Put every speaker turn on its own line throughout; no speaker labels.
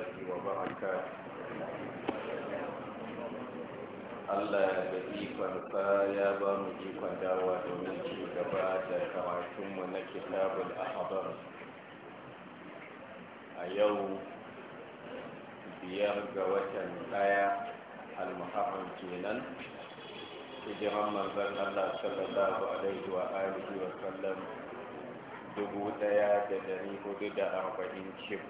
الله وبركاته Allah
da ya ba mu ikon dawa domin ci gaba da karatunmu na kitabul ahbar a yau biyar ga watan ɗaya al-muharram kenan hijiran manzan Allah sallallahu alaihi wa alihi wa sallam dubu ɗaya da dari hudu da arba'in shif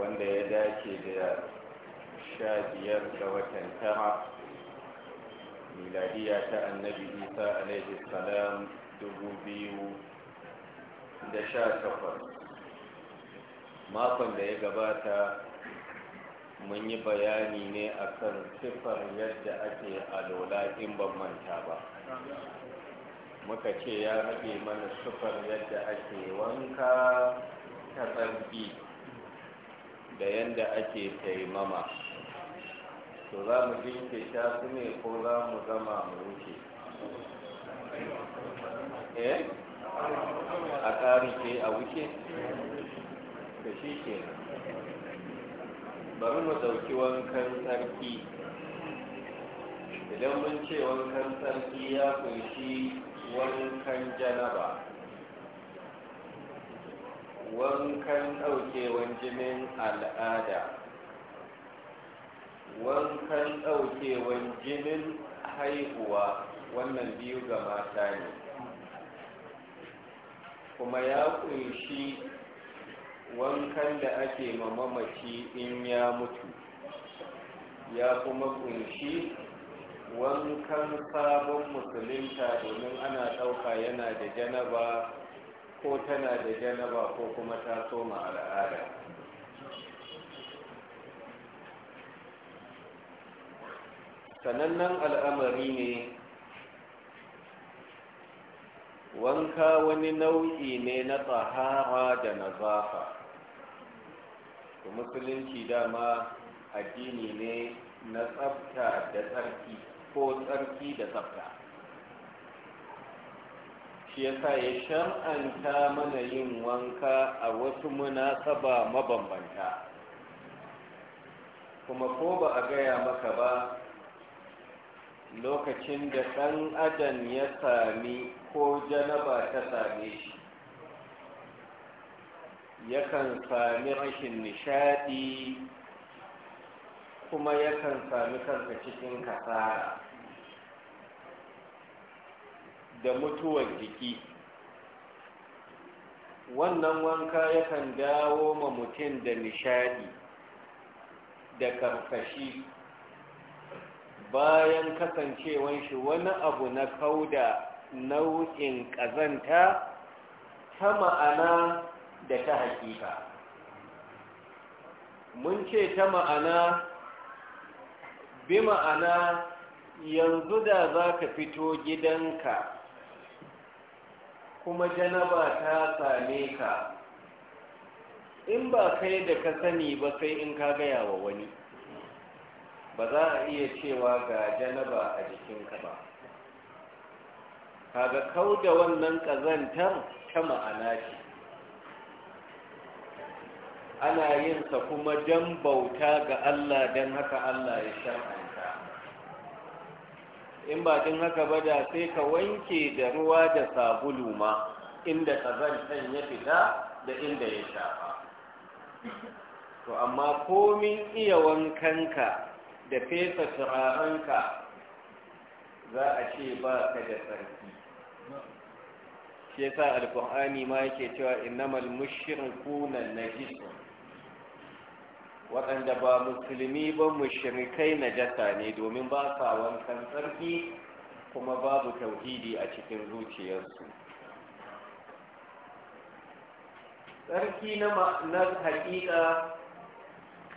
wanda ya dace da sha biyar ga watan tara miladiya ta annabi isa alaihi salam dubu biyu da sha takwas makon da ya gabata mun yi bayani ne akan siffar yadda ake alola in ban manta ba muka ce ya rage mana siffar yadda ake wanka ta tsarki da yanda ake taimama to za mu jinkirta su ne ko za mu gama mu wuce
eh a ce a wuce
da shi ke bari mu ɗauki wankan sarki idan mun ce wankan sarki ya kunshi wankan janaba wankan ɗaukewan jinin al'ada wankan ɗaukewan jinin haihuwa wannan biyu ga mata ne kuma ya ƙunshi wankan da ake mamamaci in ya mutu ya kuma ƙunshi wankan sabon musulunta domin ana ɗauka yana da janaba ko tana da janaba ko kuma ta soma al'ada sanannen al'amari ne wanka wani nau'i ne na tsahara da nazafa zafa. musulunci dama addini ne na tsafta da tsarki ko tsarki da tsafta shi sa ya shan'anta mana yin wanka a wasu munasaba mabambanta kuma ko ba a gaya maka ba lokacin da ɗan adam ya sami ko janaba ta same shi yakan sami rashin nishadi kuma yakan sami kansa cikin kasara da mutuwar jiki wannan wanka yakan dawo ma mutum da nishadi da karkashi bayan kasancewan shi wani abu na kauda nau'in ƙazanta ta ma'ana da ta hakika mun ce ta ma'ana bi ma'ana yanzu da za ka fito gidanka kuma janaba ta same ka in ba kai da ka sani ba sai in ka gaya wa wani ba za a iya cewa ga janaba a jikinka ba kaga kau da wannan ƙazantar ta ma'ana ce ana yin yinsa kuma jan bauta ga Allah don haka Allah ya shar'a in ba tun haka ba da sai ka wanke da ruwa da sabulu ma inda kazantan ya fita da inda ya shafa to amma komin iya wankan ka da fesa turarenka za a ce ba ka da sarki shi sa alkur'ani ma yake cewa innamal na najisun waɗanda ba musulmi ba mushrikai jata ne domin ba sa wankan tsarki kuma babu tauhidi a cikin zuciyarsu tsarki na ma'anar haƙiƙa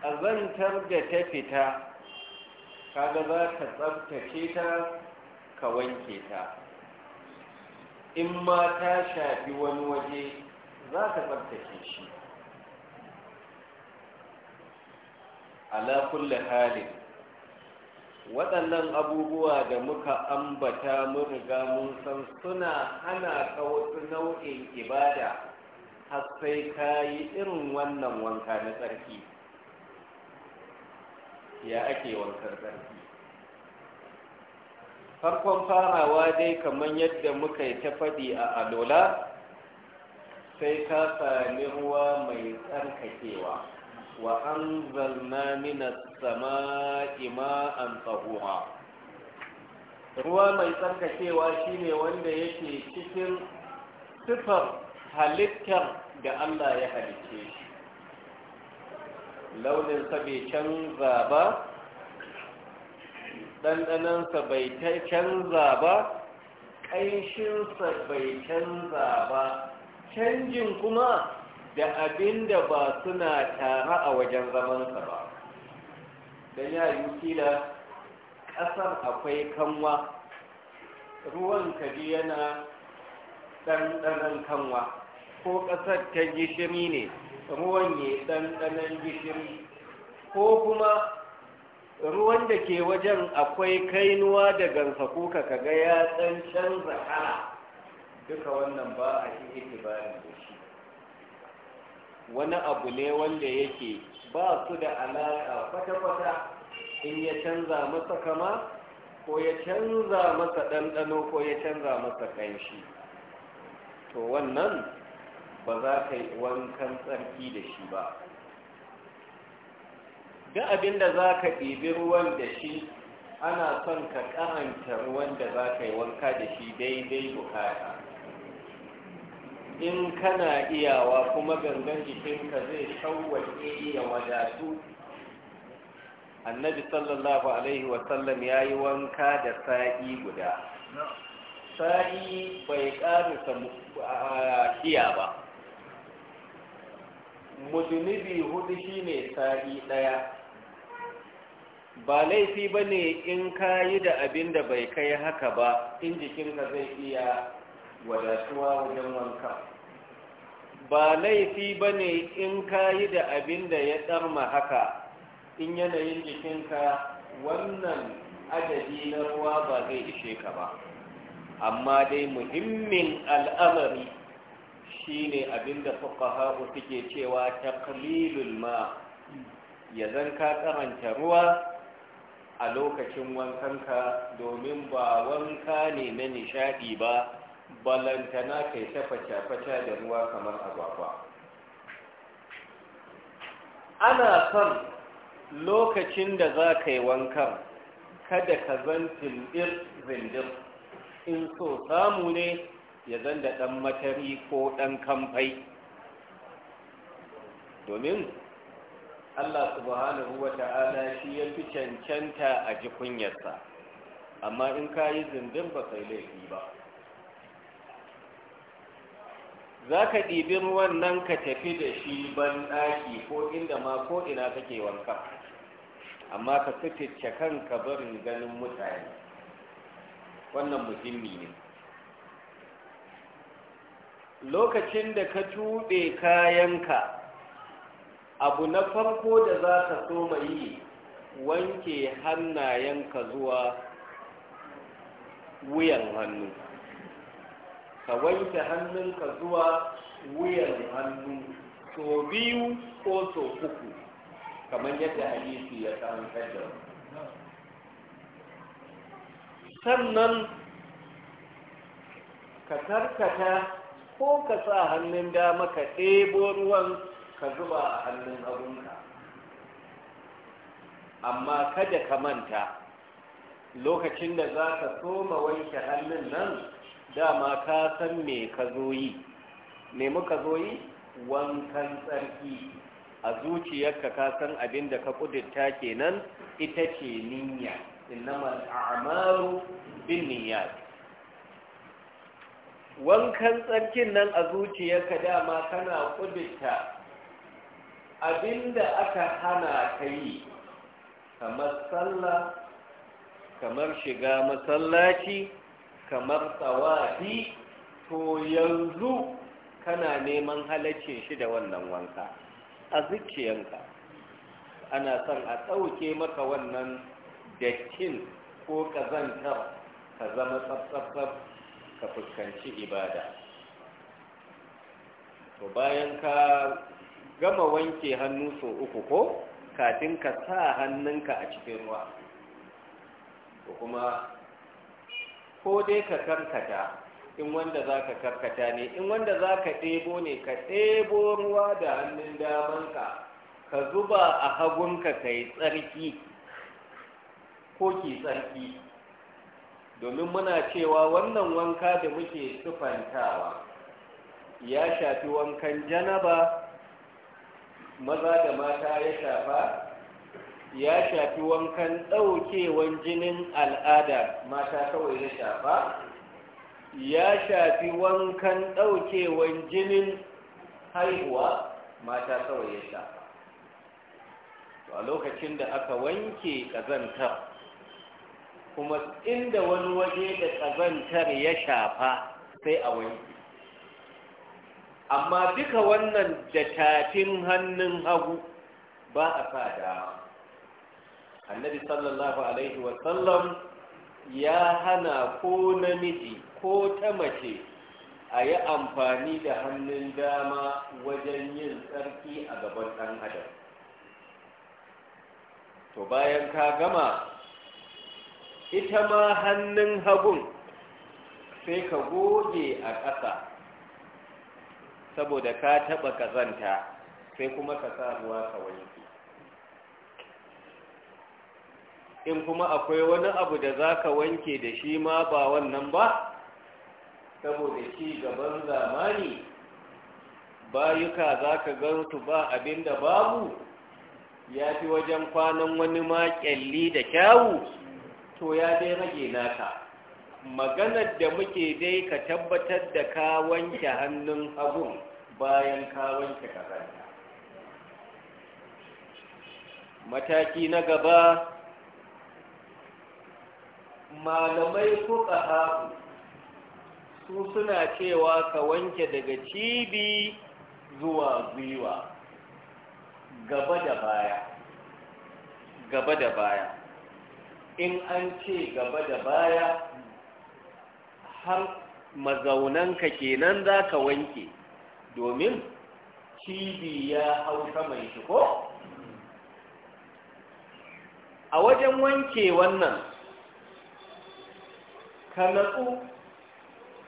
a zantar da ta fita kaga za ka tsabtace ta ka wanke ta in ma ta shafi wani waje za ka tsabtace shi ala kulli halin waɗannan abubuwa da muka ambata mun ga mun san suna hana ka wasu nau'in ibada har sai ka yi irin wannan wanka na tsarki ya ake wankan tsarki farkon farawa dai kamar yadda muka yi ta faɗi a alola sai ka sami ruwa mai tsarkakewa وأنزلنا من السماء ماء طهورا ruwa mai tsarkakewa shine wanda yake cikin sifar halittar da Allah ya halicce shi launinsa bai canza ba ɗanɗanansa bai canza ba ƙanshinsa bai canza ba canjin kuma da abin da ba suna tare a wajen zamansa ba Da ya yi kila ƙasar akwai kanwa ruwan kaji yana ɗanɗanon kanwa ko ƙasar ta gishiri ne ruwan ya ɗanɗanon gishiri ko kuma ruwan da ke wajen akwai kainuwa da kuka kaga ya ɗan canza kala duka wannan ba a cikin ibarin da shi wani abu ne wanda yake ba su da alaƙa fata-fata in ya canza masa kama ko ya canza masa ɗanɗano ko ya canza masa ƙanshi to wannan ba za ka yi wankan tsarki da shi ba Ga abin da za ka ɗibi ruwan da shi ana son ka ƙaranta ruwan da za ka yi wanka da shi daidai bukata in kana iyawa kuma gangan jikinka zai shawwace ya wadatu annabi sallallahu alaihi wasallam ya yi wanka da sa'i guda sa'i bai ƙarisa iya ba mudunubi hudu shine sa'i ɗaya ba laifi ba ne in ka yi da abin da bai kai haka ba in jikinka zai iya wadatuwa wajen wanka ba laifi ba ne in ka yi da abin da ya ɗarma haka in yanayin jikinka wannan adadi na ruwa ba zai ishe ka ba amma dai muhimmin al'amari shi ne abin da fuka suke cewa taƙalilul ma ya zan ka karanta ruwa a lokacin wankanka domin ba wanka ne na nishaɗi ba balantana kai ta faca-faca da ruwa kamar agwagwa ana son lokacin da za ka yi wankan kada ka zan tindir zindir in so samu ne ya zan da ɗan matari ko ɗan kamfai domin allah subhanahu wa ta'ala shi ya fi cancanta a jikunyarsa amma in ka yi zindir ba kai laifi ba za ka ɗibi ruwan nan ka tafi da shi ban ɗaki ko inda ma ko ina kake wanka amma ka fitice kanka barin ganin mutane wannan muhimmi ne lokacin da ka tuɓe kayanka abu na farko da za ka so yi wanke hannayenka zuwa wuyan hannu ka wanke hannunka zuwa wuyan hannu so biyu ko so uku kamar yadda hadisi ya san da sannan ka tarkata ko ka sa hannun dama ka ɗebo ruwan ka zuba a hannun abunka amma kada ka manta lokacin da za ka soma wanke hannun nan dama ka san me ka zo yi me muka zo wankan tsarki a zuciyarka ka san abin da ka kudurta kenan ita ce niyya innama a'malu bin niyyat wankan tsarkin nan a zuciyarka dama kana kudurta abinda aka hana ka yi kamar sallah kamar shiga masallaci kamar tsawafi to yanzu kana neman halacce shi da wannan wanka a zuciyanka ana son a ɗauke maka wannan dattin ko ƙazantar ka zama tsaftsaf ka fuskanci ibada to bayan ka gama wanke hannu so uku ko kafin ka sa hannunka a cikin ruwa ko kuma ko dai ka karkata in wanda za ka karkata ne in wanda za ka ɗebo ne ka ɗebo ruwa da hannun damanka ka zuba a hagunka ka yi tsarki ko ki tsarki domin muna cewa wannan wanka da muke sufantawa ya shafi wankan janaba maza da mata ya shafa ya shafi wankan ɗaukewan jinin al'ada mata kawai ya shafa ya shafi wankan ɗaukewan jinin haihuwa mata kawai ya shafa a lokacin da aka wanke ƙazantar kuma inda wani waje da ƙazantar ya shafa sai a wanke amma duka wannan da tafin hannun hagu ba a sa dama annabi sallallahu alaihi wasallam ya hana ko namiji ko ta mace a yi amfani da hannun dama wajen yin tsarki a gaban ɗan adam to bayan ka gama ita ma hannun hagun sai ka goge a ƙasa saboda ka taɓa ƙazanta sai kuma ka sa ruwa ka wanke in kuma akwai wani abu da za ka wanke da shi ma ba wannan ba saboda ci gaban zamani bayuka za ka gantu ba abinda babu ya fi wajen kwanan wani ma kyalli da kyawu to ya dai rage naka maganar da muke dai ka tabbatar da ka wanke hannun hagun bayan ka wanke kafanta mataki na gaba malamai ƙasa su suna cewa ka wanke daga cibi zuwa gwiwa gaba da baya gaba da baya in an ce gaba da baya har mazaunanka kenan za ka wanke domin cibi ya hau mai shi ko a wajen wanke wannan ka natsu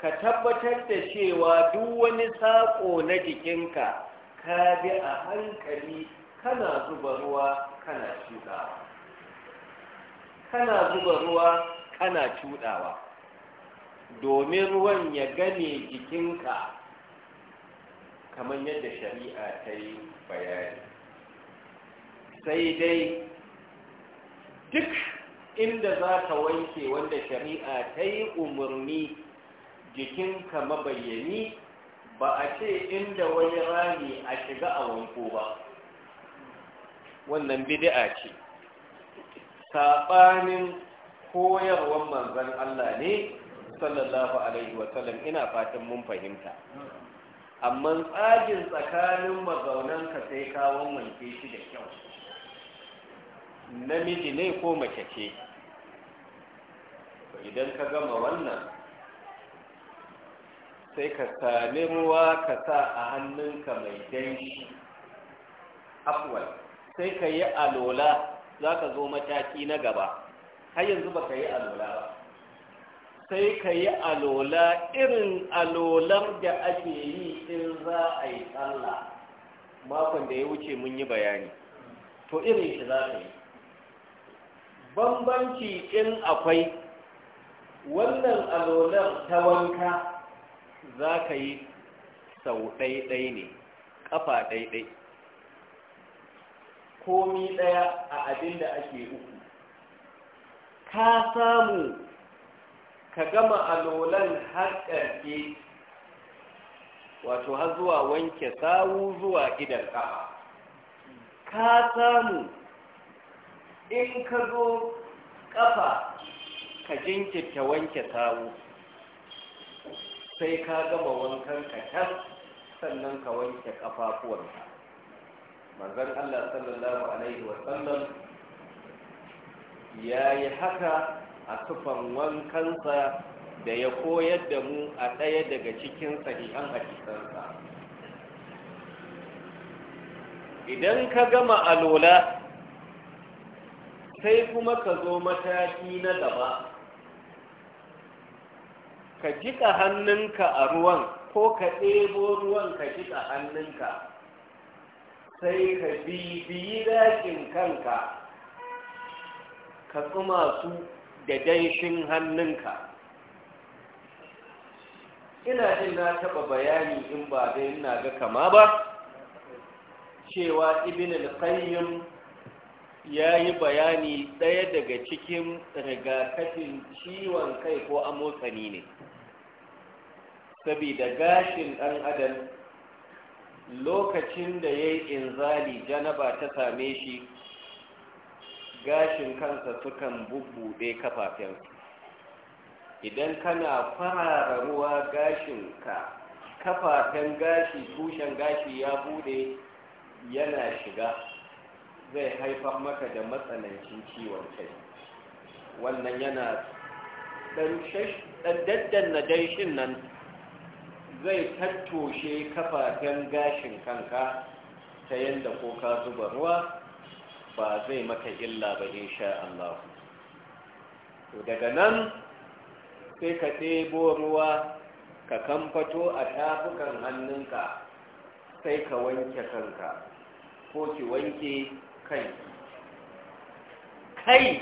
ka tabbatar da cewa duk wani saƙo na jikinka ka bi a hankali kana zuba ruwa kana cuɗawa kana zuba ruwa kana cuɗawa domin ruwan ya gane jikinka kamar yadda shari'a ta yi bayani sai dai duk inda za ka wanke wanda shari'a ta yi umarni jikinka mabayyani ba a ce inda wani rami a shiga a wanko ba wannan bidi'a ce saɓanin koyarwar manzan Allah ne sallallahu alaihi wasallam ina fatan mun fahimta amma tsagin tsakanin mazaunanka sai kawon wanke shi da kyau namiji ne ko mace ce idan ka gama wannan sai ka sami ruwa ka sa a hannunka mai danshi afwal sai ka yi alola za ka zo mataki na gaba har yanzu ba ka yi alola ba sai ka yi alola irin alolar da ake yi in za a yi tsalla makon da ya wuce mun yi bayani to irin shi za ka yi bambanci in akwai wannan alolar ta wanka za ka yi sau ɗaiɗai ne ƙafa ɗaiɗai komi ɗaya a abin da ake uku ka samu ka gama alolan har ƙarfe wato har zuwa wanke sawu zuwa gidan ƙafa ka samu in ka zo ƙafa ka jinkirta wanke tawo sai ka gama wankan ka tas sannan ka wanke ƙafafuwanka manzon Allah sallallahu alaihi wasallam ya yi haka a tufan wankansa da ya koyar da mu a ɗaya daga cikin sahihan hadisansa idan ka gama alola sai kuma ka zo mataki na gaba ka jiƙa hannunka a ruwan ko ka ɗebo ruwan ka jiƙa hannunka sai ka bibiyi daƙin kanka ka tsuma su da danshin hannunka ina jin na taɓa bayani in ba dai ina ga kama ba cewa ibn al-qayyim ya yi bayani ɗaya daga cikin rigakafin ciwon kai ko amotsani ne saboda gashin ɗan adam lokacin da ya yi inzali janaba ta same shi gashin kansa sukan bubbuɗe kafafen idan kana farara ruwa ka kafafen gashi tushen gashi ya bude yana shiga zai haifar maka da matsanancin ciwon kai wannan yana ɗan daddanna danshin nan zai tattoshe kafafen gashin kanka ta yadda ko ka zuba ruwa ba zai maka illa ba insha Allah to daga nan sai ka ɗebo ruwa ka kamfato a tafukan hannunka sai ka wanke kanka ko ki wanke kai kai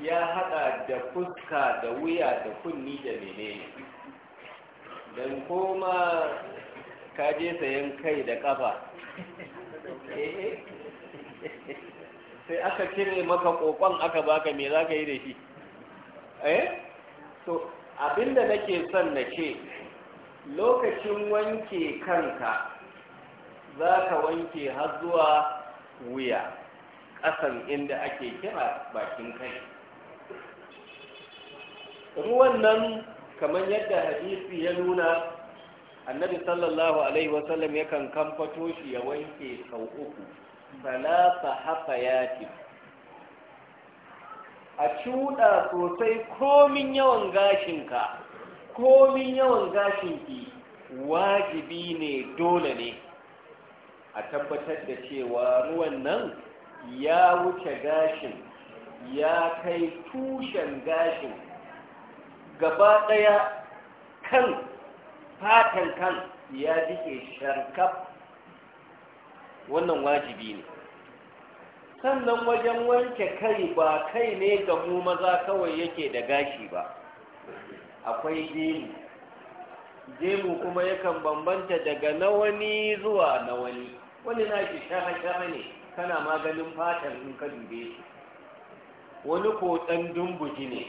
ya haɗa da fuska da wuya da kunni da menene don koma kaje sayan kai da ƙafa eh. sai aka cire maka ƙoƙon aka baka me za ka yi da shi eh so abinda nake son na ce lokacin wanke kanka za ka wanke har zuwa wuya ƙasan inda ake kira bakin kai ruwan nan kamar yadda hadisi ya nuna annabi sallallahu alaihi wasallam yakan kamfato shi ya wanke sau uku salasa ya ce. a cuɗa sosai komin yawan gashinka komin yawan gashinki wajibi ne dole ne a tabbatar da cewa ruwan nan ya wuce gashin ya kai tushen gashin gaba ɗaya kan fatan kan ya jike sharkaf wannan wajibi ne sannan wajen wanke kai ba kai ne ga mu maza kawai yake da gashi ba akwai jini gemu kuma yakan bambanta daga na wani zuwa na wani wani na shi shaha shaha ne kana maganin fatar in ka dube shi wani ko ɗan dumbuji ne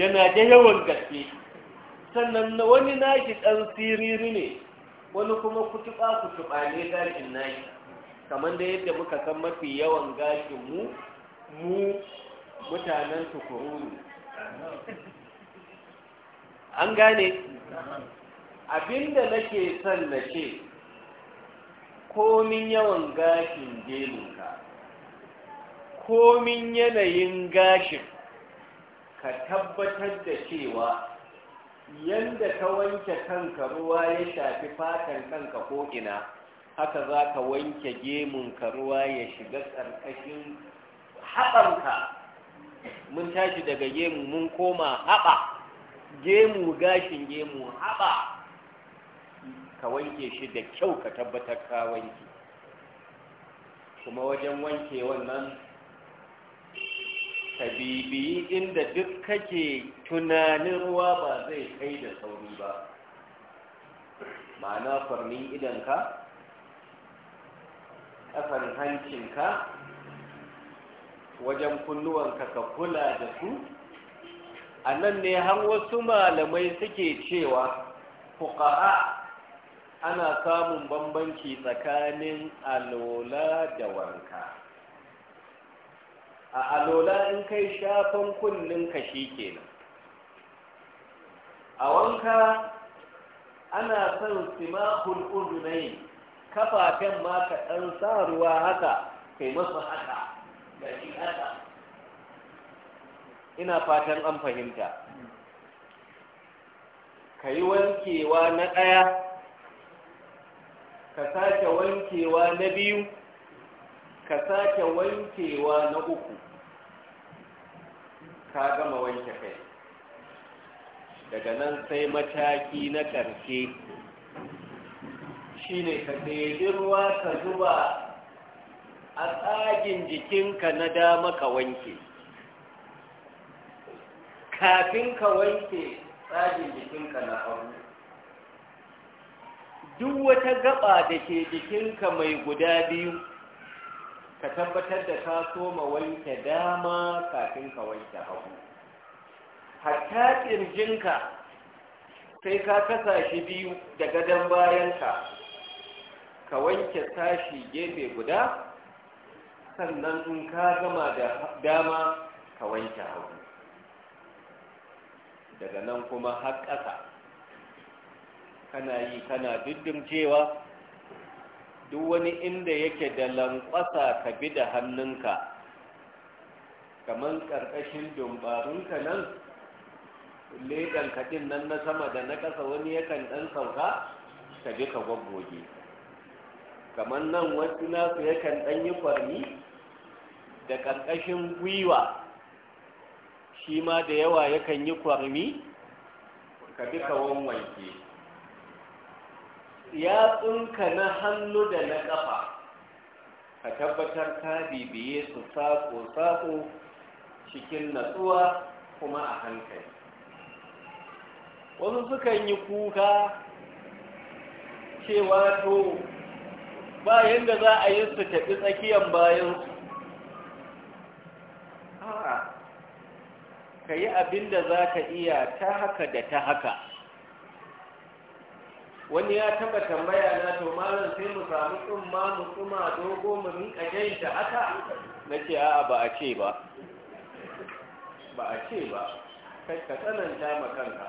yana da yawan gaske sannan wani nashi ɗan siriri ne wani kuma kutuɓa kutuɓa ne gashin nashi kamar da yadda muka san mafi yawan gashin mu mu mutanen tukuru an gane abinda nake son na ce komin yawan gashin gelinka komin yanayin gashin ka tabbatar da cewa yadda ka wanke kanka ruwa ya shafi fatan kanka ko'ina haka za ka wanke gemunka ruwa ya shiga ƙarƙashin haɓanka mun tashi daga gemu mun koma haɓa gemu gashin gemu haɓa ka wanke shi da kyau ka tabbatar ka wanke kuma wajen wanke wannan ka inda duk kake tunanin ruwa ba zai kai da sauri ba ma'ana farmin idanka ƙasar hancinka wajen kunnuwanka ka kula da su a nan ne har wasu malamai suke cewa fuka'a ana samun bambanci tsakanin alola da wanka a alola in kai shafan kunnen ka shi kenan a wanka ana son simahul uzunai kafafen ma ka ɗan sa ruwa haka kai masu haka da shi haka ina fatan an fahimta ka yi wankewa na ɗaya ka sake wankewa na biyu ka sake wankewa na uku ka gama wanke kai daga nan sai mataki na ƙarshe shine ka ɗebi ruwa ka zuba a tsagin jikinka na dama ka wanke kafin ka wanke tsagin jikinka na hannu duk wata gaba da ke jikinka mai guda biyu ka tabbatar da ka soma wanke dama kafin ka wanke hagu hatta ƙirjinka sai ka kasa shi biyu da gadon bayanka ka wanke sashi gefe guda sannan in ka gama da dama ka wanke hagu daga nan kuma har ƙasa kana yi kana cewa duk wani inda yake da lankwasa ka bi da hannunka kamar ƙarƙashin dumbarunka nan leɗan kaɗin nan na sama da na ƙasa wani yakan ɗan sauka ka bi ka gwaggoge kamar nan wasu nasu yakan ɗan yi kwarni da ƙarƙashin gwiwa shi ma da yawa yakan yi kwarni ka bi ka wanwanke Ya tsunka na hannu da na ƙafa ka tabbatar ka bibiye su saƙo-saƙo cikin natsuwa kuma a hankali wasu sukan yi kuka cewa to bayan da za a yi su tafi tsakiyar bayansu ka yi abin da za ka iya ta haka da ta haka wani ya taba tambaya na to malam sai mu samu ma mu tsuma dogo mu rinka jai ta haka ce a'a ba a ce ba ba a ce ba kai ka tsananta ma kanka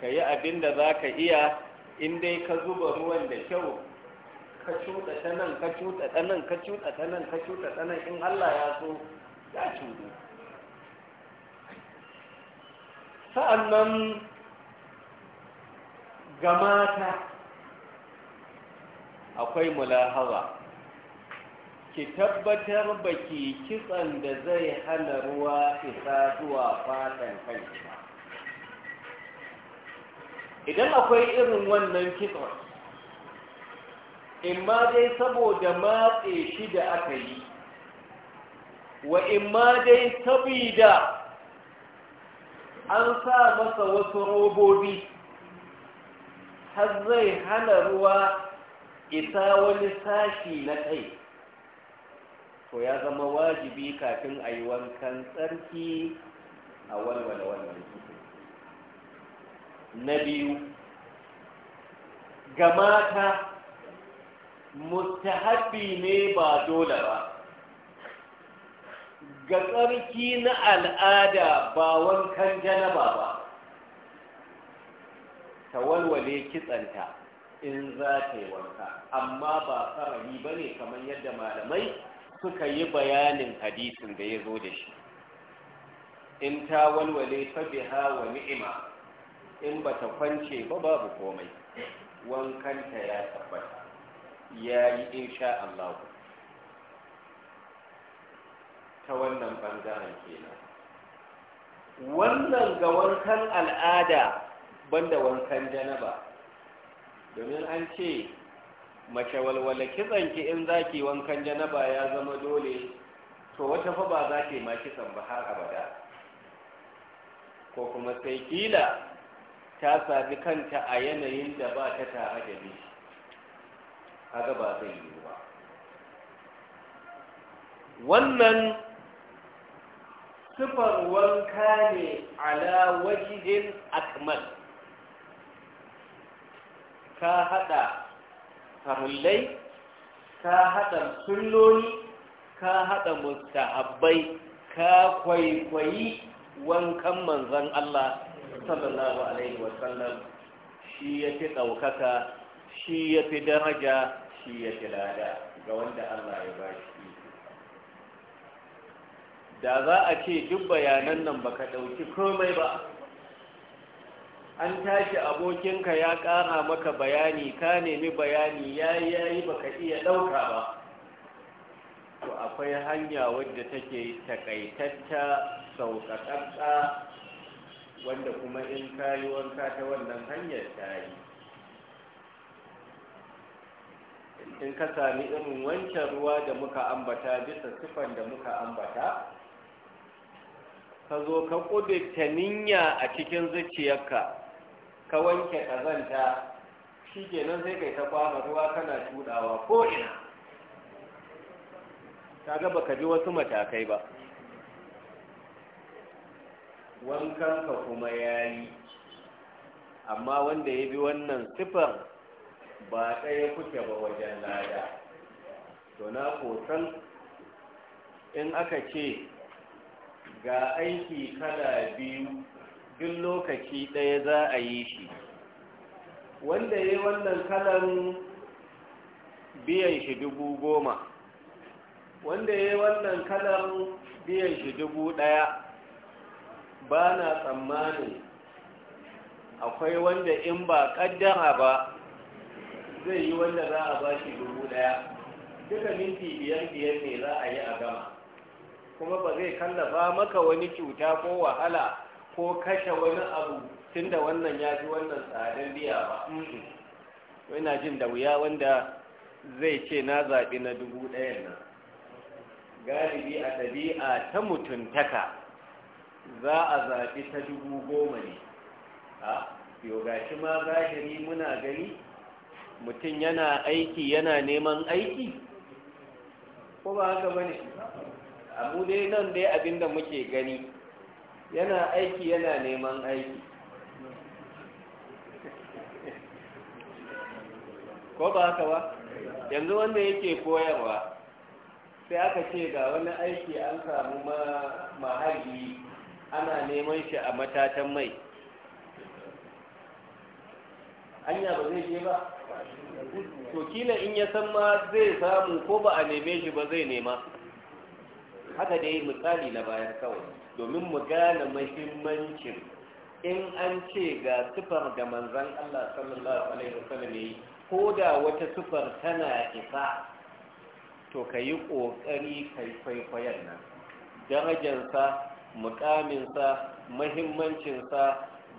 ka yi abin da za ka iya in dai ka zuba ruwan da kyau ka cuta ta nan ka cuɗa ta nan ka cuta ta ka cuta ta in Allah ya so ya cuɗu sa'annan ga mata akwai mulahaza ki tabbatar ba ki kitsan da zai hana ruwa isa zuwa fatan kai idan akwai irin wannan kitsan in ma dai saboda matse shi da aka yi wa in ma dai sabida an sa masa wasu robobi har zai hana ruwa isa wani sashi na kai to ya zama wajibi kafin a yi wankan tsarki a walwala wannan na biyu ga mata mustahabi ne ba dole ba ga tsarki na al'ada ba wankan janaba ba ta walwale kitsanta in za ta yi wanka amma ba farari ba ne kamar yadda malamai suka yi bayanin hadisin da ya zo da shi in ta walwale fa biha wa ni'ima in ba ta kwance ba babu komai wankanta ya tabbata ya yi insha Allah ta wannan bangaren kenan wannan ga wankan al'ada banda wankan janaba domin an ce mace walwala kitsanki in zaki wankan janaba ya zama dole to wata fa ba za ki ma kitsan ba har abada ko kuma sai kila ta sami kanta a yanayin da ba ta tare da ni haka ba zai yi ba wannan sifar wanka ne ala wajihin akmal ka haɗa farullai ka haɗa sulloni ka haɗa mustahabbai ka kwaikwayi wankan manzan Allah sallallahu alaihi wasallam shi ya fi ɗaukaka shi ya fi daraja shi ya fi lada ga wanda Allah ya ba shi da za a ce duk bayanan nan baka ɗauki komai ba an tashi abokinka ya ƙara maka bayani ka nemi bayani ya yi ba ka baka iya ɗauka ba to akwai hanya wadda take takaitatta sauƙaƙaƙa wanda kuma in ka yi wanka ta wannan hanyar ta yi in ka sami irin wancan ruwa da muka ambata bisa sifan da muka ambata ka zo ka ƙudurta niyya a cikin zuciyarka ka wanke ƙazanta shi kenan sai kai ta kwama ruwa kana tuɗawa ko ina ta gaba ka ji wasu matakai ba Wankan ka kuma ya yi amma wanda ya bi wannan sifar ba ɗaya kuke ba wajen lada to na kosan in aka ce ga aiki kala biyu duk lokaci ɗaya za a yi shi wanda ya yi wannan kalan biyan shi dubu goma wanda ya yi wannan kalan biyan shi dubu ɗaya ba na tsammanin akwai wanda in ba ƙaddara ba zai yi wanda za a ba shi dubu ɗaya duka minti biyar biyar ne za a yi a gama kuma ba zai kallafa maka wani cuta ko wahala ko kashe wani abu tun da wannan ya fi wannan tsarin biya ba na jin da wuya wanda zai ce na zaɓi na dubu ɗayan nan
galibi a
ɗabi'a ta mutuntaka za a zaɓi ta dubu goma ne a yau gashi ma zahiri muna gani mutum yana aiki yana neman aiki ko ba haka ba ne abu dai nan dai abinda muke gani yana aiki yana neman aiki ko ba haka ba yanzu wanda yake koyarwa sai aka ce ga wani aiki an samu mahaji ana neman shi a matatan mai anya ba zai je
ba to
kila in ya san ma zai samu ko ba a neme shi ba zai nema haka dai misali na bayan kawai domin mu gane mahimmancin in an ce ga sifar da manzan Allah sallallahu alaihi wasallam yi ko da wata sifar tana isa to ka yi ƙoƙari kai kwaikwayon nan darajarsa muƙaminsa mahimmancinsa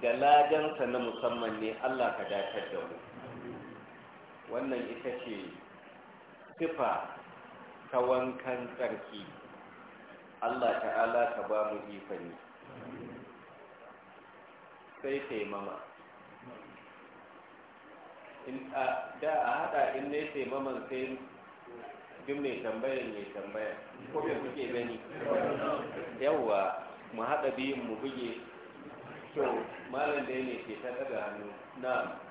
da ladansa na musamman ne Allah ka dakar da mu wannan ita ce sifa ta wankan tsarki Allah ta'ala ka ba mu ikoni sai taimama in a da a hada in ne taimaman sai duk mai tambayar mai tambaya ko ya kuke gani yawwa mu hada biyun mu buge to malam da ne ke ta daga hannu na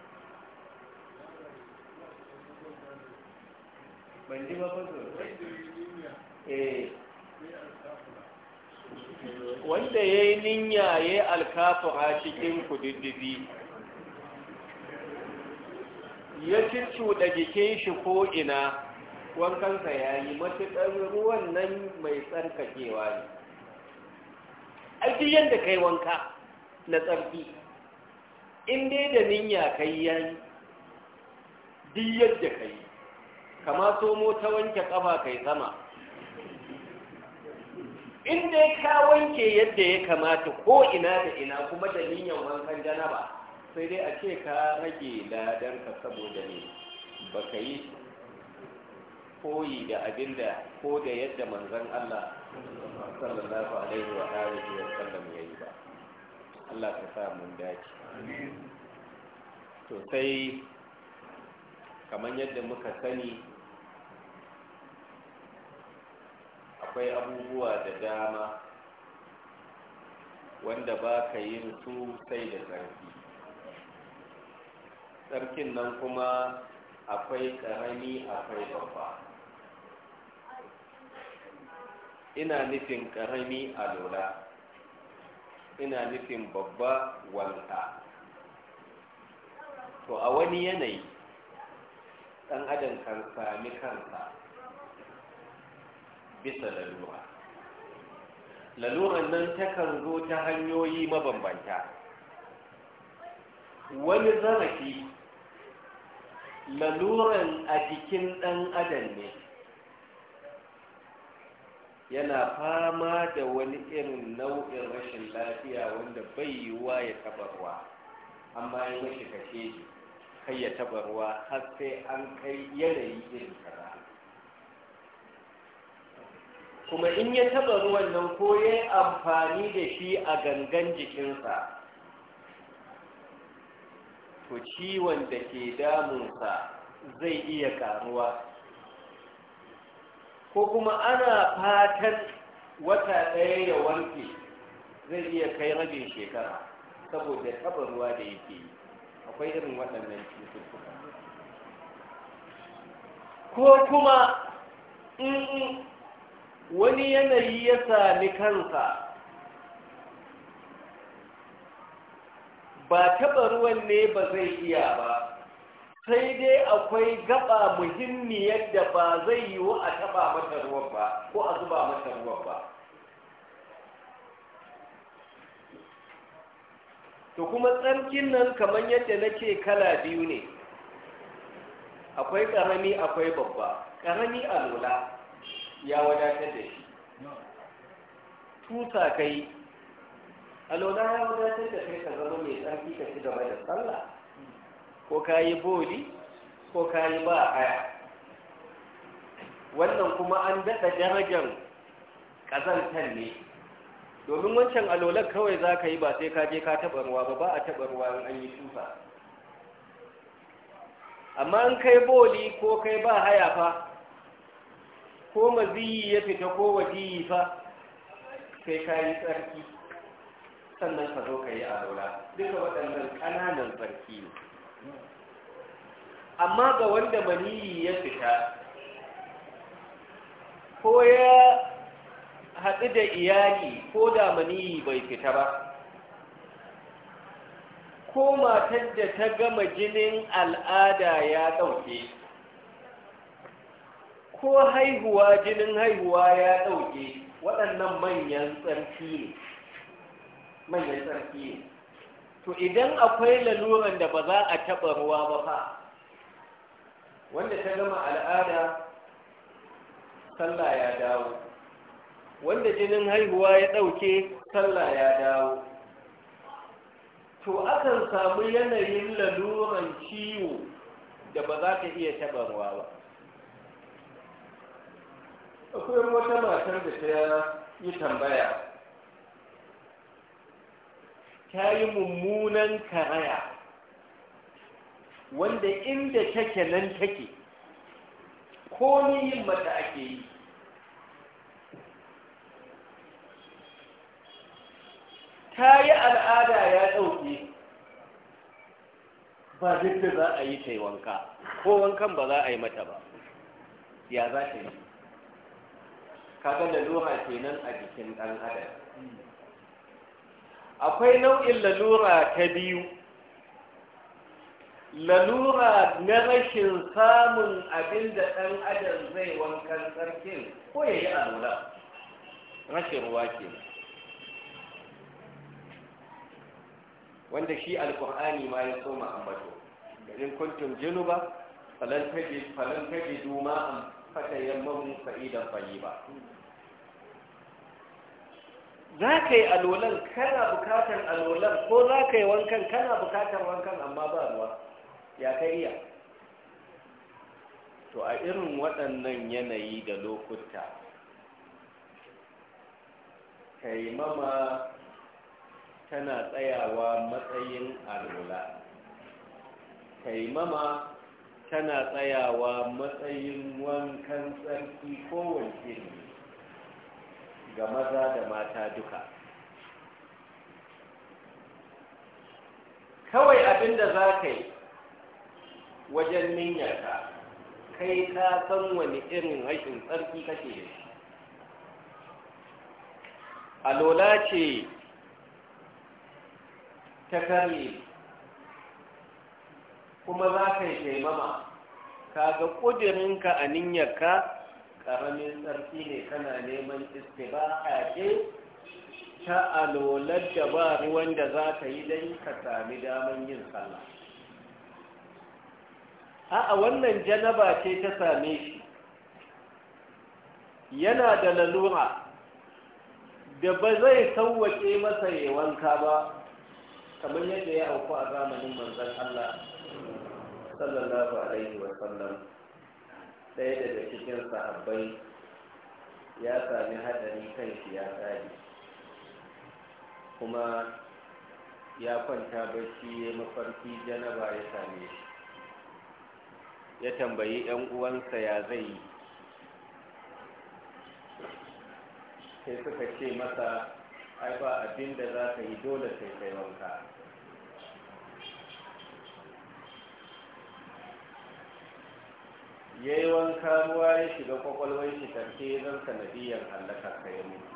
ban ji ba fa eh wanda ya yi ninya ya yi alkafu a cikin kududdufi ya ci cuɗa jikin shi ko'ina wankansa ya yi matuƙar ruwan nan mai tsarkakewa ne aiki yadda kai wanka na tsarki inda da ninya kai ya yi duk yadda kai kama tomo ta wanke ƙafa kai sama in dai ka wanke yadda ya kamata ko ina da ina kuma da niyan wankan ba sai dai a ce ka rage ladanka saboda ne baka yi koyi da abinda ko da yadda manzon Allah sallallahu alaihi wa alihi wa sallam yayi ba Allah ka sa mun dace to sai kamar yadda muka sani akwai abubuwa da dama wanda ba ka yi su sai da tsarki tsarkin nan kuma akwai ƙarami akwai babba ina nufin ƙarami a lura ina nufin babba wanka to a wani yanayi ɗan adam kan sami kansa bisa lalura laluran nan takan zo ta hanyoyi mabambanta wani zarafi laluran a jikin ɗan adam ne yana fama da wani irin nau'in rashin lafiya wanda bai yiwuwa ya tabarwa, amma ya mashi kashe kai ya tabarwa har sai an kai yanayi irin kara kuma in ya taɓa ruwan nan ko ya yi amfani da shi a gangan jikinsa to ciwon da ke damunsa zai iya karuwa ko kuma ana fatan wata ɗaya ya wanke zai iya kai rabin shekara saboda taɓa ruwa da yake yi akwai irin waɗannan cututtuka
ko kuma in
wani yanayi ya sami kansa ba taɓa ruwan ne ba zai iya ba sai dai akwai gaba muhimmiyar da ba zai yi wa a taɓa mata ruwan ba ko a zuba mata ruwan ba to kuma tsarkin nan kamar yadda nake kala biyu ne akwai ƙarami akwai babba ƙarami a lula ya wadatar da shi tusa kai lona ya wadatar da kai ka zama mai tsarki ka ci gaba da sallah ko ka yi boli ko ka yi ba a haya wannan kuma an daɗa darajar ƙazantar ne domin wancan alolar kawai za ka yi ba sai ka je ka taɓa ruwa ba ba a taɓa ruwa in an yi tufa amma in kai boli ko kai ba haya fa ko maziyi ya fita ko wajiyi fa sai ka yi tsarki sannan ka zo ka yi a lura, duka waɗannan ƙananan tsarki ne amma ga wanda maniyi ya fita ko ya haɗu da iyali ko da maniyi bai fita ba ko matar da ta gama jinin al'ada ya ɗauke ko haihuwa jinin haihuwa ya ɗauke waɗannan manyan tsarki ne manyan tsarki ne to idan akwai laluran da ba za a taɓa ruwa ba fa wanda ta gama al'ada sallah ya dawo wanda jinin haihuwa ya ɗauke sallah ya dawo to akan samu yanayin laluran ciwo da ba za ta iya taɓa ruwa ba akwai wata matar da ta yi tambaya ta yi mummunan karaya wanda inda take nan take ko ni yin mata ake yi ta yi al'ada ya ɗauke ba duk da za a yi ta yi wanka ko wankan ba za a yi mata ba ya za ta yi kaga lalura kenan a jikin ɗan adam akwai nau'in lalura ta biyu lalura na rashin samun abin da ɗan adam zai wankan tsarkin ko ya yi alula rashin ruwa ke wanda shi alkur'ani ma ya soma ambato garin kuntum junuba falan ma ma'an fata yammamu fa'idan fayi ba za ka yi alolan kana bukatar alolan ko za ka yi wankan kana bukatar wankan amma ba ruwa ya ka iya to a irin waɗannan yanayi da lokuta taimama tana tsayawa matsayin alola taimama tana tsayawa matsayin wankan tsarki ko wanke ne ga maza da mata duka kawai abinda da za ka yi wajen niyyarka kai ka san wani irin rashin tsarki kake da shi alola ce ta karye kuma za ka yi taimama ka ga ƙudurinka a ka? karamin sarki ne kana neman istiba'a ce ta alolar da ba ruwan da za ka yi don ka sami daman yin sallah a wannan janaba ce ta same shi yana da lalura da ba zai sauwaƙe masa ya wanka ba kamar yadda ya auku a zamanin manzan Allah sallallahu alaihi wasallam ɗaya daga cikin sahabbai ya sami haɗari kan shi ya tsari kuma ya kwanta bacci ya mafarki janaba ya same shi ya tambayi ‘yan uwansa ya zai yi sai suka ce masa ai ba abin da za ka yi dole sai kai wanka ya yi wanka ruwa ya shiga kwakwalwar shi karke zan sanadiyar hallaka ka ya mutu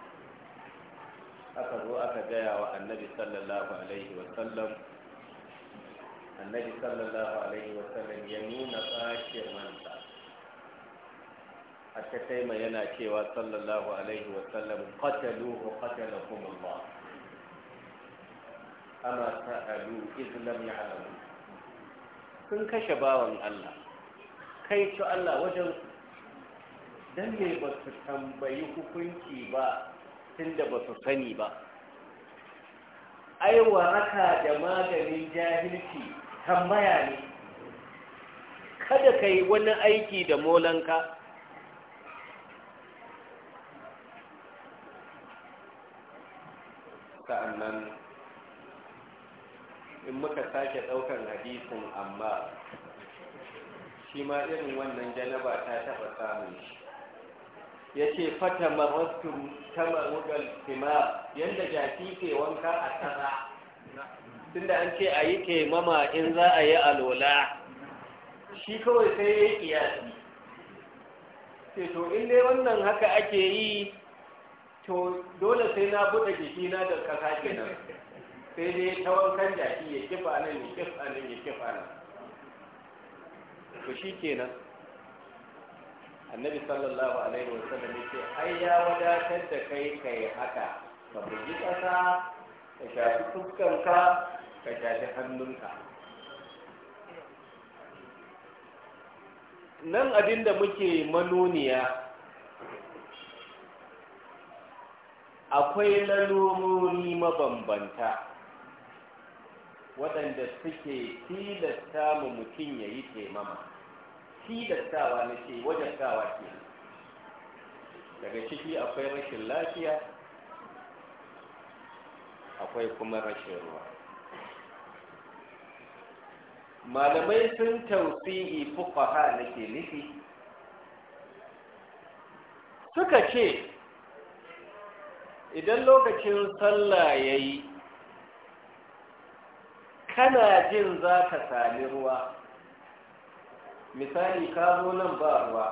aka zo aka gaya wa annabi sallallahu alaihi wasallam annabi sallallahu alaihi wasallam ya nuna tsakiyar manta a ta taima yana cewa sallallahu alaihi wasallam qataluhu qatalakum Allah ama sa'alu iz ya ya'lamu sun kashe bawan Allah kai ci Allah wajen dan me ba su tambayi hukunci ba tun da ba su sani ba ai waraka da maganin jahilci tambaya ne kada ka yi wani aiki da molanka sa'annan in muka sake ɗaukar hadisin amma shi ma irin wannan janaba ta taɓa samun shi ya ce fata mamastu ta mamugal kima yadda jaki ke wanka a tara da an ce a yi taimama in za a yi alola shi kawai sai ya yi kiyasi ce to in dai wannan haka ake yi to dole sai na buɗe jikina da ƙasa kenan sai dai ta wankan jaki ya kifa nan ya kifa nan ya kifa nan to shi kenan annabi sallallahu alaihi wa sallam ya ce ai ya wadatar da kai kai haka ka buji ƙasa ka shafi fuskanka ka shafi hannunka nan abinda muke manoniya akwai lalurori mabambanta waɗanda suke tilasta mu mutum ya yi taimama tilastawa na ce wajastawa ke daga ciki akwai rashin lafiya akwai kuma rashin ruwa malamai sun tausi'i fukaha na ke nufi suka ce idan lokacin sallah ya yi kana jin za ka sami ruwa misali ka zo nan ba ruwa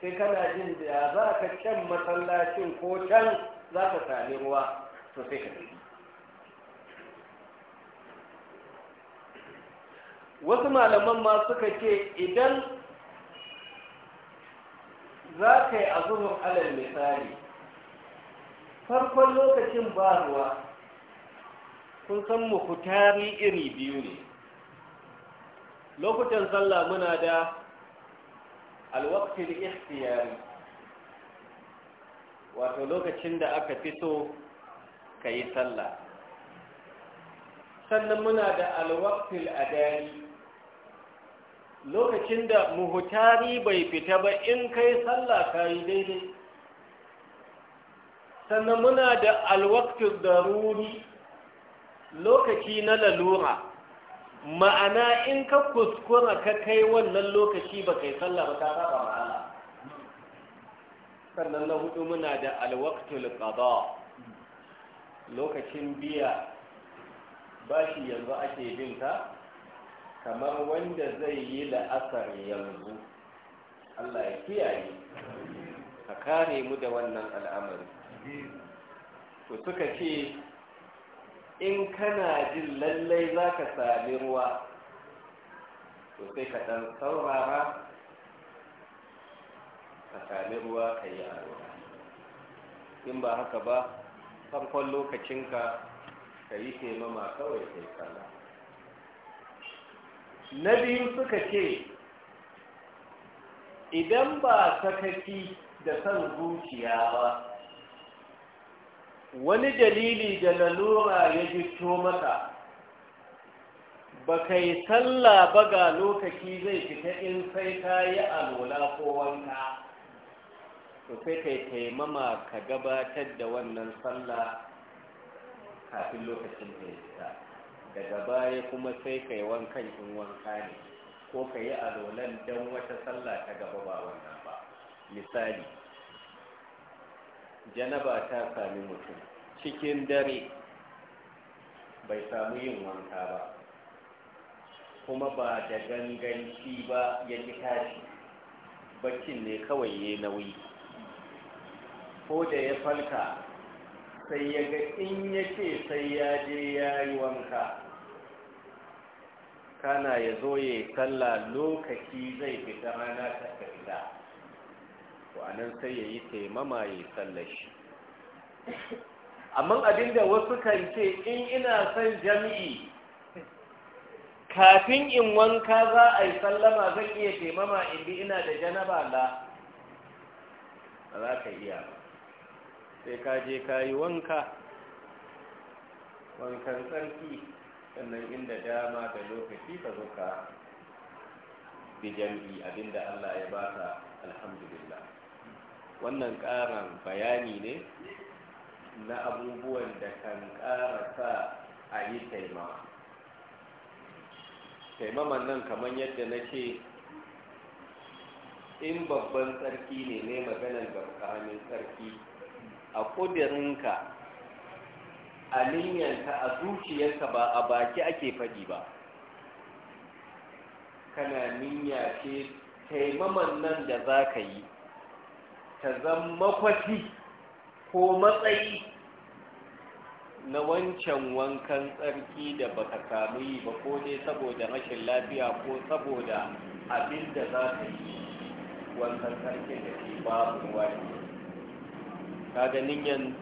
sai kana jin da za ka can masallacin ko can za ka sami ruwa to sai ka wasu malaman ma suka ce idan za ka yi azumin alal misali farkon lokacin ba ruwa kun san muhtari iri biyu ne lokutan sallah muna da alwaktin ikhtiyari wato lokacin da aka fi so ka yi sallah sannan muna da alwaktin adari lokacin da muhutari bai fita ba in kai sallah ka yi daidai sannan muna da alwaktin daruri lokaci na lalura ma'ana in ka kuskura ka kai wannan lokaci ba kai sallah ta saba ma sannan na hudu muna da alwaktul qada lokacin biya bashi yanzu ake binta kamar wanda zai yi la'asar yanzu Allah ya kiyaye ka kare mu da wannan al'amari to suka ce in kana jin lallai za ka sami ruwa to sai ka ɗan saurara ka sami ruwa ka yi ruwa in ba haka ba farkon lokacinka ka yi taimama kawai kai kala na biyu suka ce idan ba sakaki da son zuciya ba wani dalili da lalura ya jito maka ba ka yi sallah ba ga lokaci zai fita in sai ka yi alola ko wanka to sai ka yi taimama ka gabatar da wannan sallah kafin lokacin da ya fita daga baya kuma sai kai yi wankan in wanka ne ko ka yi alolan don wata sallah ta gaba ba wannan ba misali janaba ta sami mutum cikin dare bai samu yin wanka ba kuma ba da ganganci ba ya ji tashi baccin ne kawai ya nauyi ko da ya falka sai ya ga in ya ce sai ya je ya yi wanka kana ya zo ya yi lokaci zai fita rana ta fita wa'anan sai ya yi taimama ya sallashi amma abinda wasu kan ce in ina son jami'i kafin in wanka za a yi sallama zan iya taimama in ina da janaba la za ka iya sai ka je ka yi wanka wankan tsarki sannan inda dama da lokaci ka zo ka bi jam'i abinda Allah ya baka alhamdulillah wannan karan bayani ne na abubuwan da kan ƙara sa a yi taimama nan kamar yadda na ce in babban tsarki ne ne maganar da karamin tsarki a ƙudirinka, a niyyarka a zuciyarka ba a baki ake faɗi ba kana niyya ce taimaman nan da za ka yi ta zama mafafi ko matsayi na wancan wankan tsarki da baka samu yi ba ko dai saboda rashin lafiya ko saboda abin da za ka yi wankan tsarki da ke babu wani kaga yan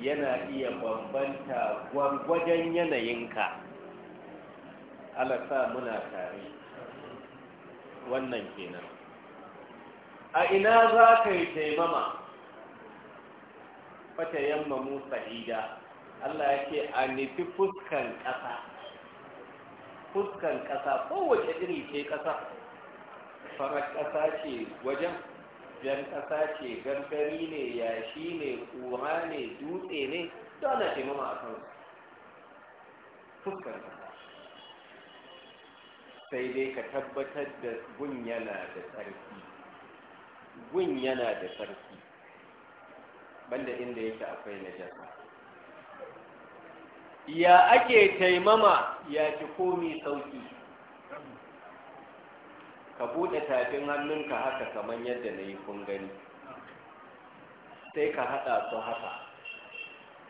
yana iya bambanta gwargwajen yanayinka alasa muna tare wannan kenan a ina za ka yi taimama fata yamma musa Hida? Allah ya ce a nufi fuskan ƙasa fuskan ƙasa kowace iri ce ƙasa farar ƙasa ce wajen jan ƙasa ce gangari ne yashi ne ƙura ne dutse ne to ana taimama a kan fuskan ƙasa sai dai ka tabbatar da gun yana da tsarki gun yana da sarki banda inda yake akwai na jasa ya ake taimama ya ki komi sauki ka buɗe tafin hannunka haka kamar yadda na yi kun gani sai ka haɗa su haka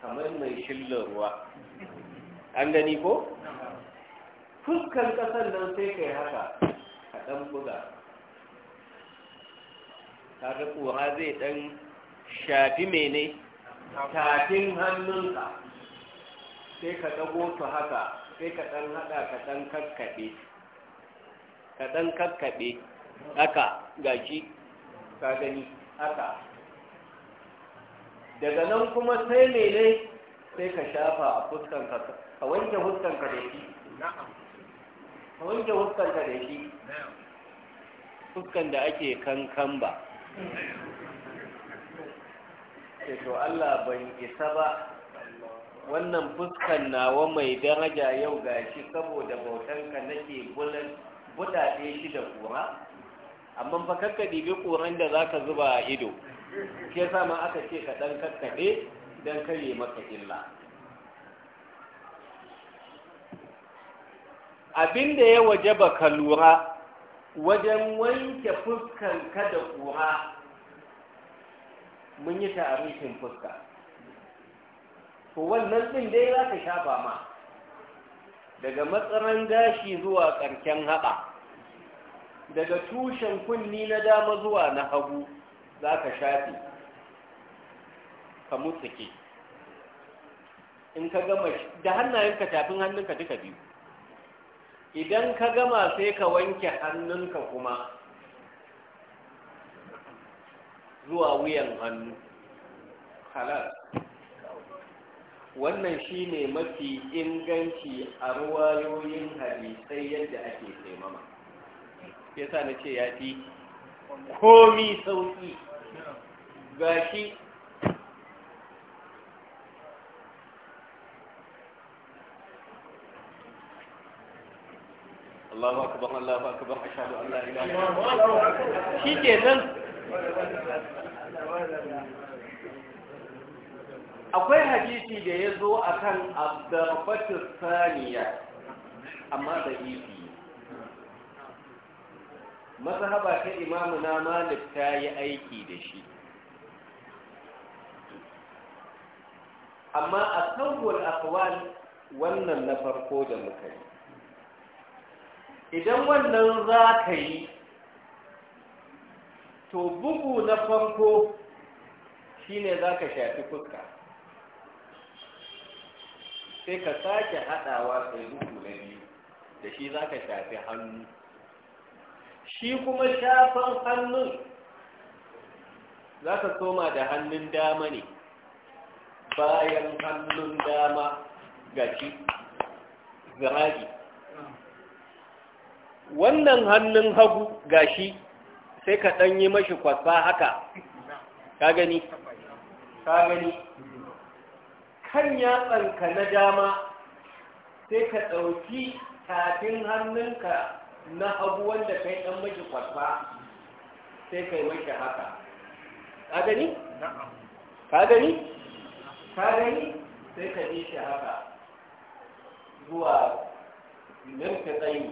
kamar mai shillar ruwa an gani ko? fuskar ƙasar nan sai ka haka ka dan buga kaga kura zai ɗan shafi mene tafin hannunka sai ka dago su haka sai ka ɗan haɗa ka ɗan kakkaɓe ka ɗan kakkaɓe haka gaji ka gani haka daga nan kuma sai mene sai ka shafa a fuskanka ka wanke fuskanka da shi ka wanke fuskanka da shi fuskan da ake kankan ba to Allah ban isa ba wannan fuskan nawa mai daraja yau ga shi saboda bautanka nake bulan buɗaɗe shi da kura amma fa kakka dibe kuran da zaka zuba a ido ke ma aka ce ka ɗan kakkaɗe don kare maka illa abinda ya waje ba ka lura wajen wanke ka da ƙura mun yi ta'arifin fuska ko wannan ɗin dai za ka shafa ma daga matsaran gashi zuwa ƙarken haɓa daga tushen kunni na dama zuwa na hagu za ka shafe ka mutsuke in ka gama da hannayenka tafin hannunka duka biyu idan ka gama sai ka wanke hannunka kuma zuwa wuyan hannu halal wannan shi ne mafi inganci a ruwayoyin hadisai yadda ake taimama Ya sa na ce ya fi komi sauki gashi akwai hadisi da ya zo a kan abdarbatar saniya amma da ifi mazhaba ta imamu na malik ta yi aiki da shi amma a sauwar akwai wannan na farko da muka yi idan wannan za ka yi to bugu na farko shine za ka shafi fuska sai ka sake haɗawa sai bugu na biyu da shi za ka shafi hannu shi kuma shafan hannun za ka soma da hannun dama ne bayan hannun dama ga shi zirage wannan hannun hagu gashi sai ka ɗan yi mashi kwasa haka ka gani ka gani kan yatsanka na dama sai ka ɗauki tafin hannunka na hagu wanda ka yi ɗan mashi kwasa sai ka yi mashi haka ka gani? ka gani? ka gani? sai ka yi shi haka zuwa nan ka tsayi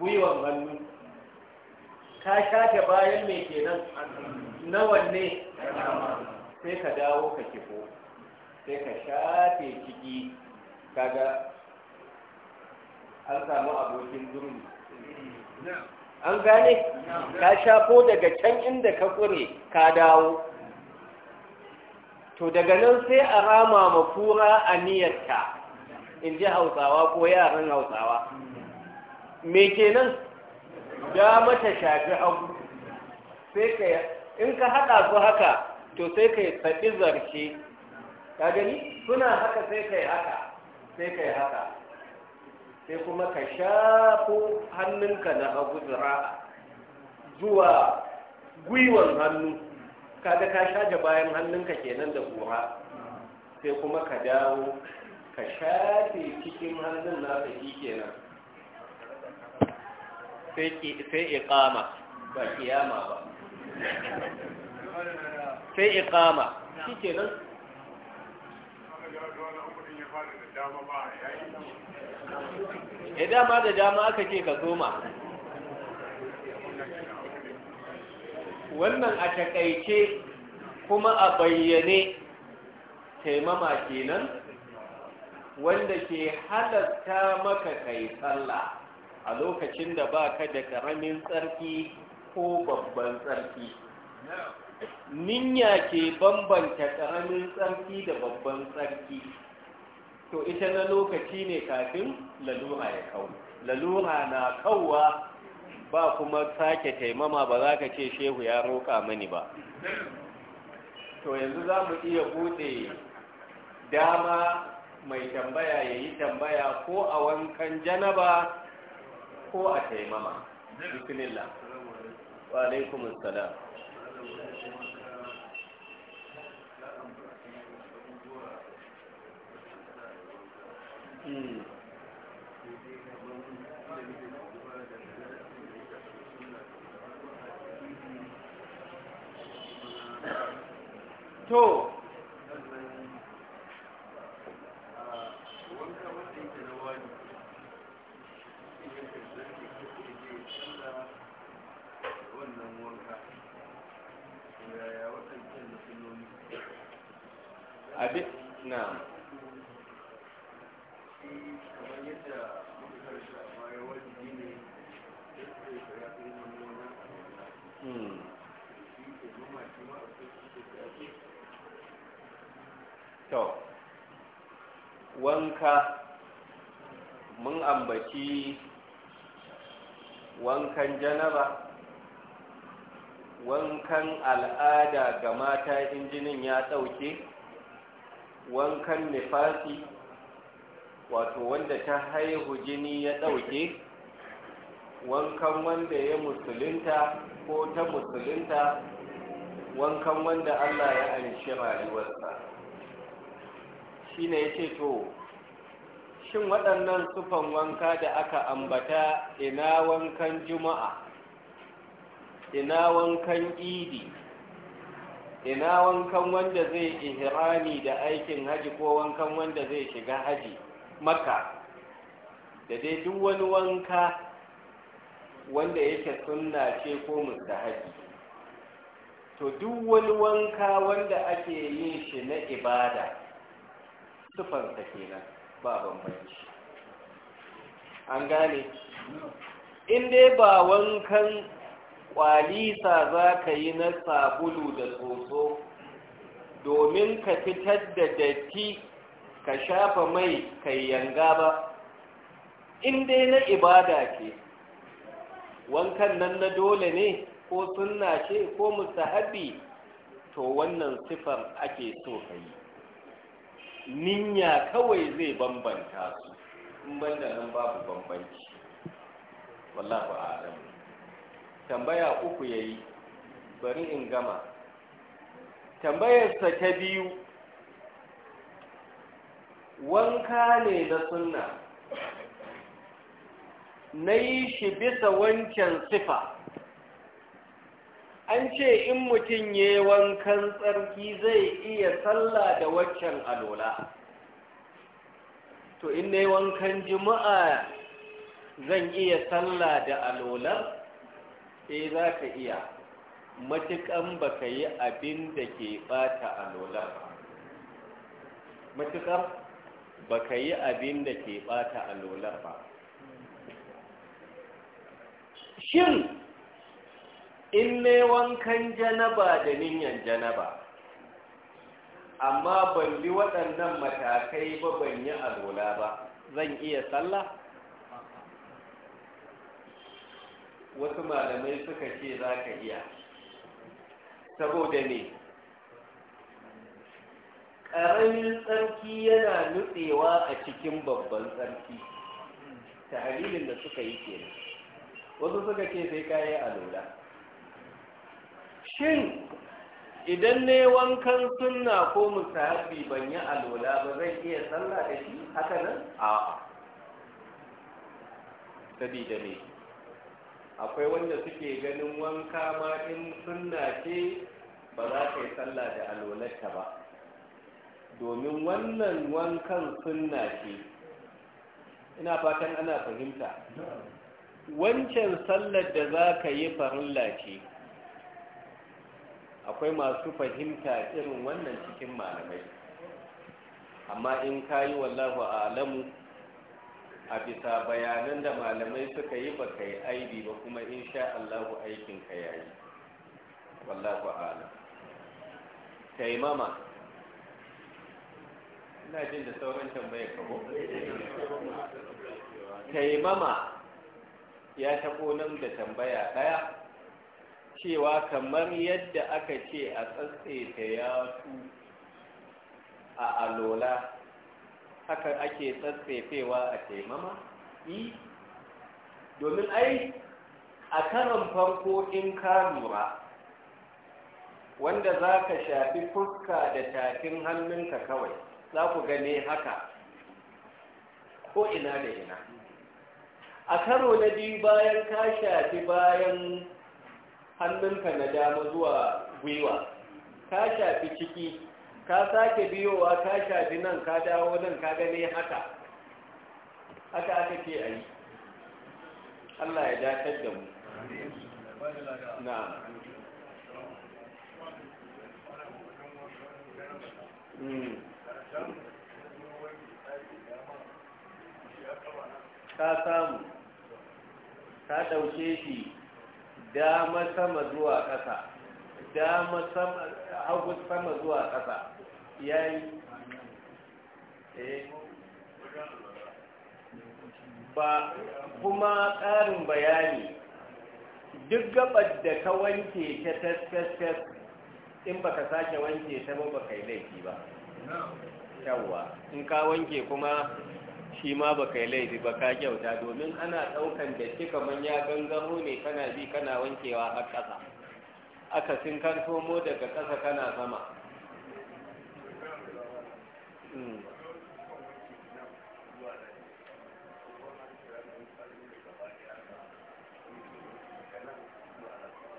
gwiwan hannu ka shafe bayan mai kenan na ne sai ka dawo ka kifo sai ka shafe ciki kaga an samu abokin zurmi an gane ka shafo daga can inda ka kure ka dawo to daga nan sai a rama mafura kura a niyarta in ji hausawa ko yaran hausawa me kenan ya mata shafi abu sai ka in ka haɗa su haka to sai ka yi faɗi zarce ka gani suna haka sai ka yi haka sai ka yi haka sai kuma ka shafo hannunka na hagu zira zuwa gwiwon hannu kada ka shaje bayan hannunka kenan da kura sai kuma ka dawo ka shafe cikin hannun nasa shi kenan sai ikama ba kiyama ba
sai iqama shikenan ya eh, dama da dama aka ce ka zoma wannan a
takaice kuma a bayyane taimama kenan wanda ke halatta maka kai sallah a lokacin da ba ka da ƙaramin tsarki ko babban tsarki ninya ke bambanta ƙaramin tsarki da babban tsarki to ita na lokaci ne kafin lalura ya kawo lalura na kawwa ba kuma sake taimama ba za ka ce shehu ya roƙa mani ba to yanzu za mu iya buɗe dama mai tambaya ya yi tambaya ko a wankan janaba ko a taimama bismillah wa alaikum assalam
hmm. to abin na hmm.
to wanka mun ambaci wankan janaba wankan al'ada ga mata in jinin ya ɗauke wankan nifasi wato wanda ta haihu jini ya ɗauke wankan wanda ya musulunta ko ta musulunta wankan wanda allah ya anshi rayuwarsa shi ne ya ce to shin waɗannan sufan wanka da aka ambata ina wankan juma'a ina wankan idi ina wankan wanda zai ihrami da aikin haji ko wankan wanda zai shiga haji maka? da dai duk wani wanka wanda yake sunna ce ko haji? to duk wani wanka wanda ake yin shi na ibada sufansa kenan ba bambanci an gane in dai ba wankan kwalisa za ka yi na sabulu da soso domin ka fitar da datti ka shafa mai kai yanga ba in dai na ibada ke, wankan nan na dole ne ko sunna ce ko mustahabi to wannan sifar ake so kai ninya kawai zai bambanta su in banda nan babu bambanci wallahu a'lam tambaya uku ya yi bari in gama tambayarsa ta biyu wanka ne na sunna na yi shi bisa wancan sifa an ce in mutum ya wankan tsarki zai iya sallah da waccan alola to in ne wankan juma'a zan iya sallah da alolar eh za ka iya matukan ba ka yi abin da ke bata alola matukan ba ka yi abin da ke bata alola ba shin in ne wankan janaba da niyan janaba amma ban bi waɗannan matakai ba ban yi alola ba zan iya sallah wasu malamai suka ce za ka iya saboda ne ƙaramin tsarki yana nutsewa a cikin babban tsarki ta halilin da suka yi kenan wasu suka ce sai a alola shin idan ne wankan sunna ko musahabi ban yi alola ba zai iya sallah da shi haka nan a'a sabida ne akwai wanda suke ganin wanka ma in sunna ce ba za ka yi sallah da alwalarta ba domin wannan wankan sunna ce ina fatan ana fahimta wancan sallar da za ka yi farilla ce akwai masu fahimta irin wannan cikin malamai
amma in kayi wallahu a'lamu a bisa bayanan da malamai suka
yi ba kai aibi ba kuma in sha Allahu aikin ka yayi wallahu a'lam taimama ina jin da sauran tambayar ka ko
taimama
ya taɓo nan da tambaya daya cewa kamar yadda aka ce a tsatsaita yatsu a alola haka ake tsatsefewa a taimama i domin ai a karan farko in ka lura wanda za ka shafi fuska da tafin hannunka kawai za ku gane haka ko ina da ina a karo na biyu bayan ka shafi bayan hannunka na dama zuwa gwiwa ka shafi ciki ka sake biyowa ka shafi nan ka dawo nan ka gane haka haka aka ke a yi allah ya dakar da mu na hmm. ka samu ka ɗauke shi dama sama zuwa ƙasa dama hagu sama zuwa ƙasa ya yi eh. ba kuma ƙarin bayani duk gabar da ka wanke ta taskaskas in baka sake wanke ta ba baka yi laifi ba yawwa in ka wanke kuma shi ma baka yi laifi ba ka kyauta domin ana ɗaukan da shi kamar ya gangamo ne kana bi kana wankewa har ƙasa Akasin sin kan daga ƙasa kana sama hmm.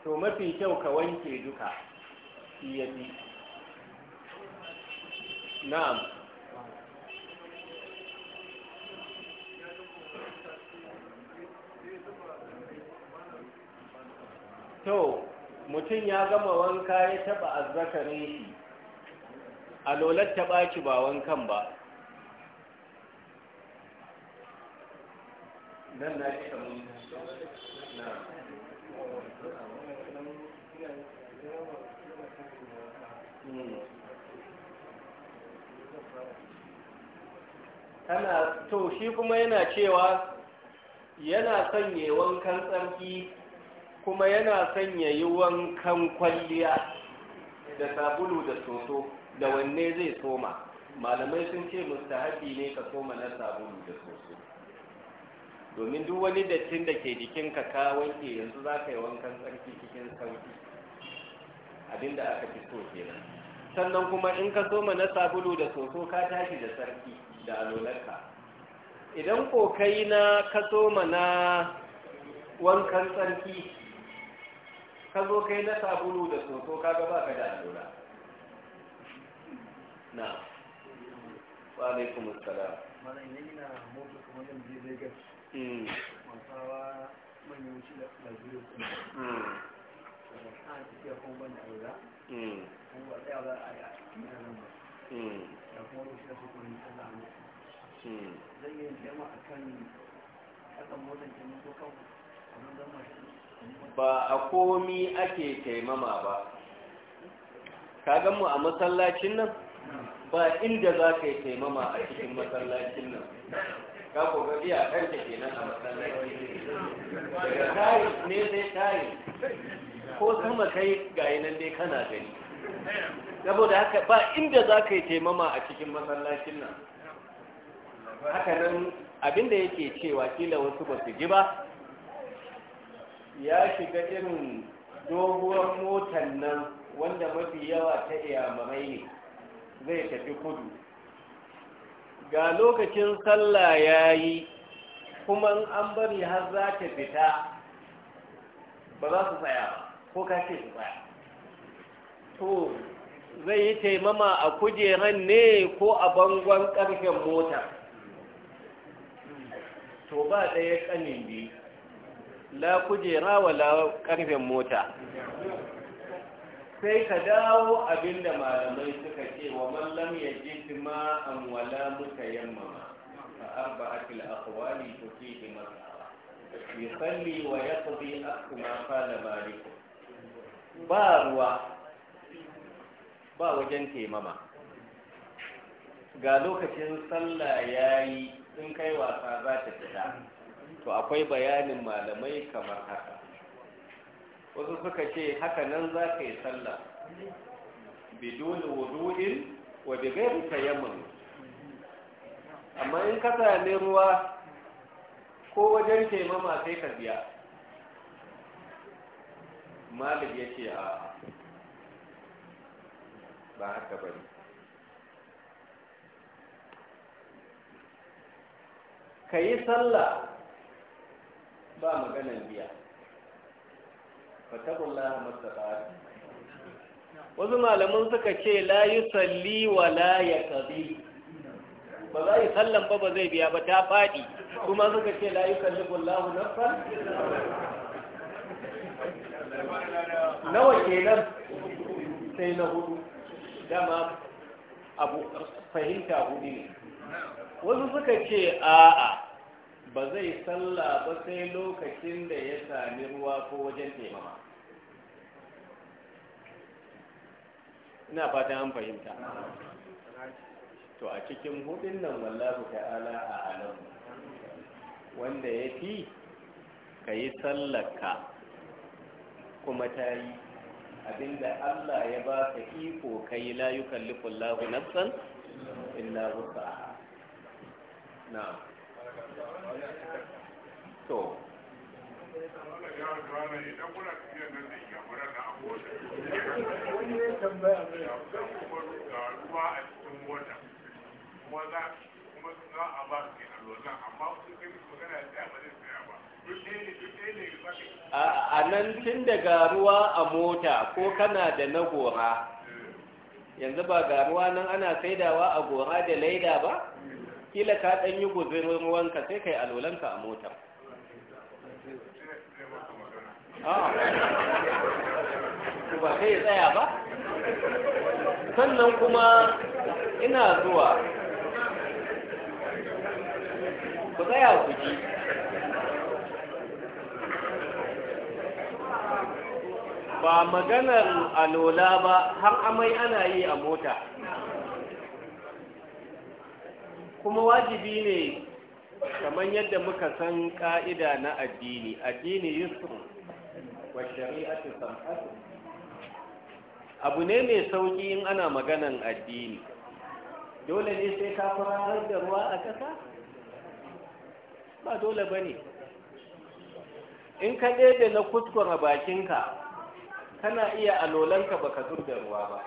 to mafi kyau ka wanke duka shi na'am to mutum ya gama wanka ya taba azzakarin shi a lolar taba ki ba wankan ba nan
na shi kamar na
tana to shi kuma yana cewa yana sanye wankan tsarki kuma yana son ya yi wankan kwalliya da sabulu da soso da wanne zai soma malamai sun ce mustahabi ne ka soma na sabulu da soso domin duk wani dattin da ke jikinka ka wanke yanzu za ka yi wankan tsarki cikin sauki abinda aka fi so kenan sannan kuma in ka soma na sabulu da soso ka tashi da sarki da alolarka idan kokai na ka soma na wankan tsarki ka zo kai na sabulu da soso k'a kaga ba ka da allura na wa alaikum assalam mana idan ina mota kuma zan je Lagos hmm. masawa manyan wuce da Najeriya kuma ana hmm. tafiya kuma ban da allura hmm. kuma ba tsaya ba a yi a cikin yaran ba da kuma wuce da su kuma ni a zan
yi jama'a kan kasan motar kenan ko kan abin zama shi ba a
komi ake taimama ba ka mu a masallacin nan ba inda za ka yi taimama a cikin masallacin nan ka koga iya karka kenan a masallacin daga tayi ne zai
tari? ko sama
kai gayi nan dai kana gani saboda haka ba inda za ka yi taimama a cikin masallacin nan haka nan abinda yake cewa kila wasu ba su ji ba ya shiga irin doguwar motar nan wanda mafi yawa ta iyamarai ne zai tafi kudu ga lokacin sallah ya yi kuma an bari har za ta fita ba za su tsaya ko ka ce su tsaya to zai yi taimama a kujeran ne ko a bangon ƙarfen mota to ba ɗaya ƙanin biyu la kujera wala karfin mota sai ka dawo abinda malamai suka ce wa mallam ya ji tuma an wala muka yammama fa arba'atul aqwali tufihi Ya salli wa yaqdi akma qala malik ba ruwa ba wajen taimama ga lokacin sallah ya yi sun kai wasa za ta fita to akwai bayanin malamai kamar haka wasu suka ce haka nan za ka yi sallah bidon wudu'in wa bigayar tayammum amma in ka sami ruwa ko wajen taimama sai ka biya malib ya ce a ba haka bari ka yi sallah ba maganan biya fatakullah mastaqat wasu malamin suka ce la yusalli wa la yaqdi ba za yi sallan ba ba zai biya ba ta faɗi kuma suka ce la yukallifu Allahu nafsan
nawa kenan
sai na hudu dama abu fahimta hudu ne wasu suka ce a'a ba zai salla ba sai lokacin da ya sami ruwa ko wajen taimama ina fatan an fahimta to a cikin hudun nan wallahu ta'ala a alamu wanda ya fi ka yi sallaka kuma ta yi abinda Allah ya ba ka iko ka yi layukan lifin lahu nafsan illa wuta na to a nan tun daga ruwa a mota ko kana da na gora yanzu ba ga ruwa nan ana saidawa a gora da laida ba kila ka ɗanyi yi guzurin ruwanka sai kai alolanka a motar
ba sai ya tsaya ba sannan kuma ina zuwa ku tsaya ku ji ba maganar alola ba har amai ana yi a mota kuma wajibi
ne kamar yadda muka san ka'ida na addini addini yusuf wa shari'atu sam'atu abu ne mai sauki in ana maganan addini
dole ne sai ka fara da ruwa a
ƙasa ba dole bane in ka ɗebe na kuskura bakinka kana iya alolanka baka zub da ruwa ba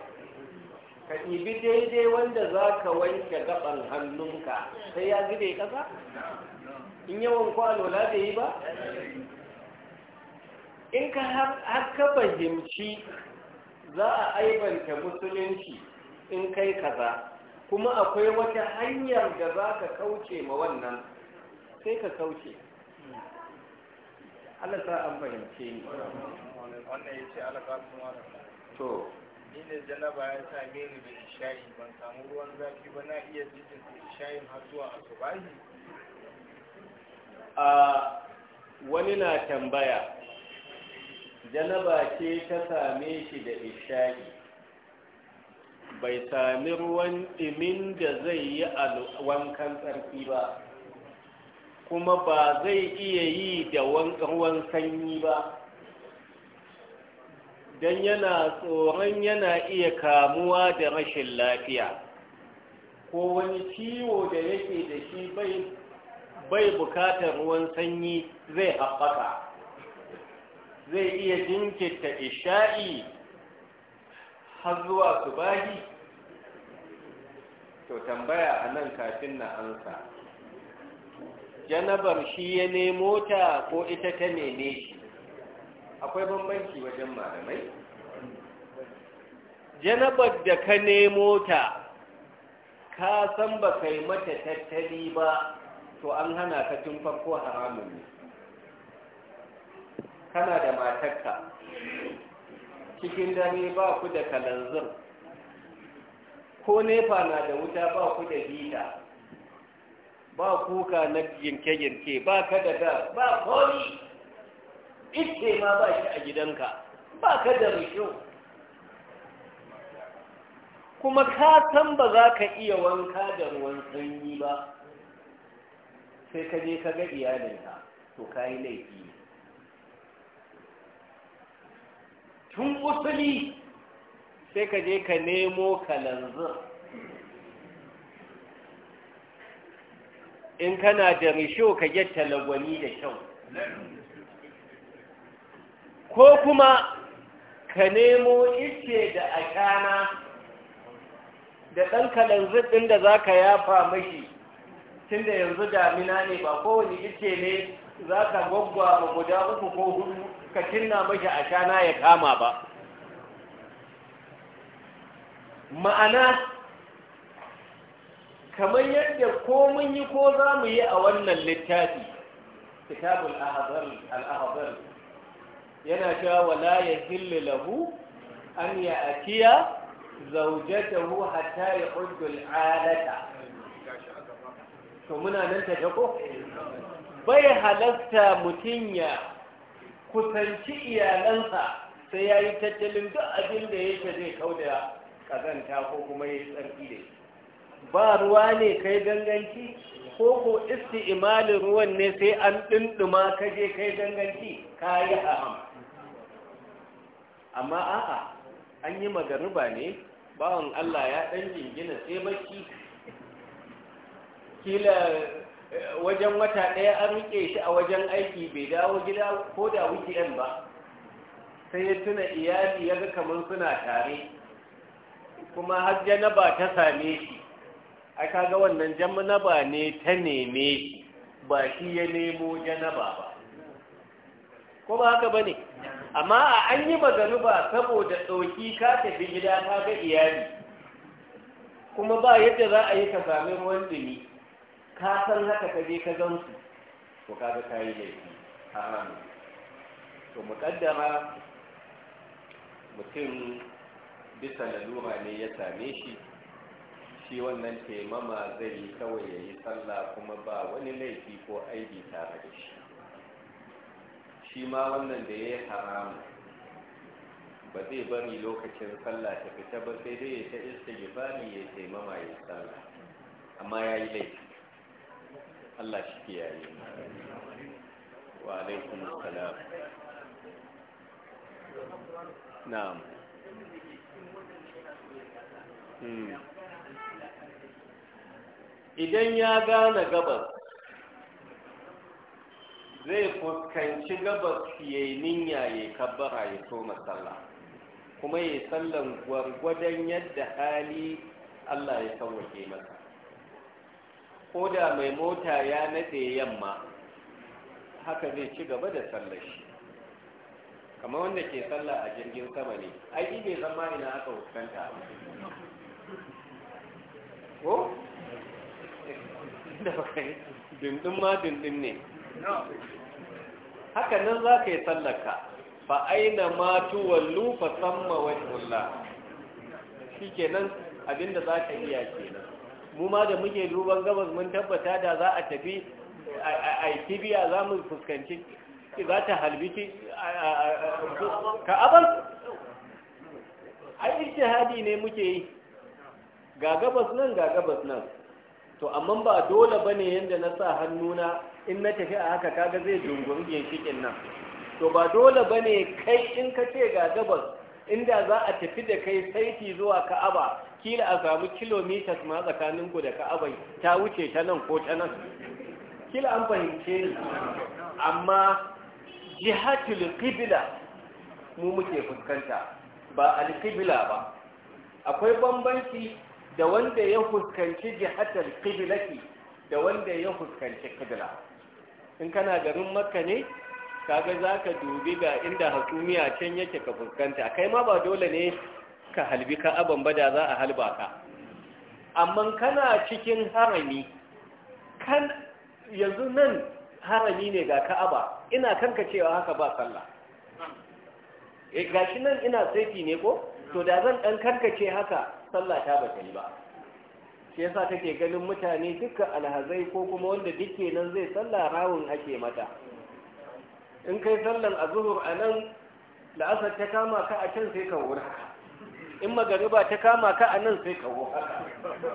ka ɗibi daidai wanda za ka wanke gaban hannunka sai ya zube ƙasa in yawan kwalola da yi ba in ka haka fahimci za a aibanta musulunci in kai kaza kuma akwai wata hanyar da za ka kauce ma wannan sai ka kauce Allah sa an fahimce ni wannan ya ce alaƙa kuma to ni ne ba ya same ni da shayi ban samu ruwan zafi ba na iya cikin isha'in har zuwa asubahi a wani na tambaya janaba ce ta same shi da ishaki bai sami ruwan ɗimin da zai yi wankan tsarki ba kuma ba zai iya yi da ruwan sanyi ba don yana tsoron yana iya kamuwa da rashin lafiya ko wani ciwo da yake da shi bai bukatar ruwan sanyi zai haɓaka zai iya jinkirta isha'i har zuwa su subahi to tambaya a nan kafin na ansa janabar shi ya nemo ta ko ita ta neme shi akwai bambanci wajen malamai janabar da ka nemo ta ka san ba kai mata tattali ba to an hana ka tun farko haramun ne kana da matarka cikin dare ba ku da kalanzir ko nefa na da wuta ba ku da hita ba kuka na yanke-yanke ba ka da da ba komi ite ma ba shi a gidanka ba ka da rushe kuma ka san ba za ka iya wanka da ruwan sanyi ba sai ka je ka ga iyalinka to ka yi laifi tun usuli sai ka je ka nemo kalanzir in kana da risho ka get talagwani da kyau ko kuma ka nemo ice da akana da ɗan kalanzir ɗin da za ka yafa mashi tun da yanzu damina ne ba kowane ice ne za ka gwaggwa guda uku ko hudu ka cinna mashi a shana ya kama ba ma'ana kamar yadda ko mun yi ko za mu yi a wannan littafi kitabul al-ahzar yana cewa wala yahillu lahu an ya'tiya zawjatahu hatta ya al-alata to muna nan ta ko bai halatta mutum ya kusanci iyalansa sai ya yi tattalin duk abin da yake zai kau da ƙazanta ko kuma ya yi tsarki da ba ruwa ne kai ganganci ko ko imalin ruwan ne sai an ɗinɗuma ka je kai ganganci ka yi aham amma a'a an yi magariba ne bawan Allah ya ɗan jingina sai maki kila wajen wata ɗaya an rike shi a wajen aiki bai dawo gida ko da wikiyan ba sai ya tuna iyali ya ga kamar suna tare kuma har janaba ta same shi a kaga wannan janaba ne ta neme ba shi ya nemo janaba ba ko ba haka ba ne amma a an yi ba saboda ɗauki ka tafi gida ka ga iyali kuma ba yadda za a yi ka sami ruwan dumi ka san haka ka je ka gan su to ka yi laifi a hannu to muƙaddara mutum bisa lalura ne ya same shi shi wannan taimama zai yi kawai ya yi sallah kuma ba wani laifi ko aibi tare da shi shi ma wannan da ya yi haramu ba zai bari lokacin sallah ta fita ba sai dai ya ta iska gifari ya taimama ya sallah amma ya yi laifi Allah shi kiyaye wa alaikun salam
na'am hmm.
idan ya gane gabas zai fuskanci gabas ya yi ninya ya kabbara ya so sallah kuma ya sallan gwargwadon yadda hali Allah ya sauwake masa ko da mai mota ya nade yamma haka zai ci gaba da sallar shi kamar wanda ke sallah a jirgin sama ne ai bai zama ina aka hukunta ko da bakai yi dindin ma dindin ne haka nan za ka yi sallaka fa aina ma tuwallu fa samma wajhullah shikenan abinda za ka iya kenan mu ma da muke duban gabas mun tabbata da za a tafi a kibiya za mu fuskanci za ta halbiki ka abin
ai
ne muke yi ga gabas nan ga gabas nan to amma ba dole bane yanda na sa hannuna in na tafi a haka kaga zai dunguri shikin nan to ba dole bane kai in ka ce ga gabas inda za a tafi da kai saiti zuwa ka'aba kila a samu kilomitas ma tsakaninku da ka'abai ta wuce ta nan ko ta nan kila an fahimce ni amma jihatul qibla mu muke fuskanta ba al-qibla ba akwai bambanci da wanda ya fuskanci jihatul qiblati da wanda ya fuskanci qibla in kana garin makka ne kaga zaka dubi ga inda hasumiya can yake ka fuskanta kai ma ba dole ne ka halbi ka abin bada za a halba ka amma kana cikin harami kan yanzu nan harami ne ga ka'aba ina kanka cewa haka ba sallah e eh, gashi nan ina saifi ne ko to da zan dan karkace haka sallah ta bata yi ba shi yasa take ganin mutane duka alhazai ko kuma wanda duke nan zai sallah rawun ake mata in kai sallan azhur anan la'asar ta kama ka a can sai ka wuraka in magariba ta kama ka a nan sai kawo haka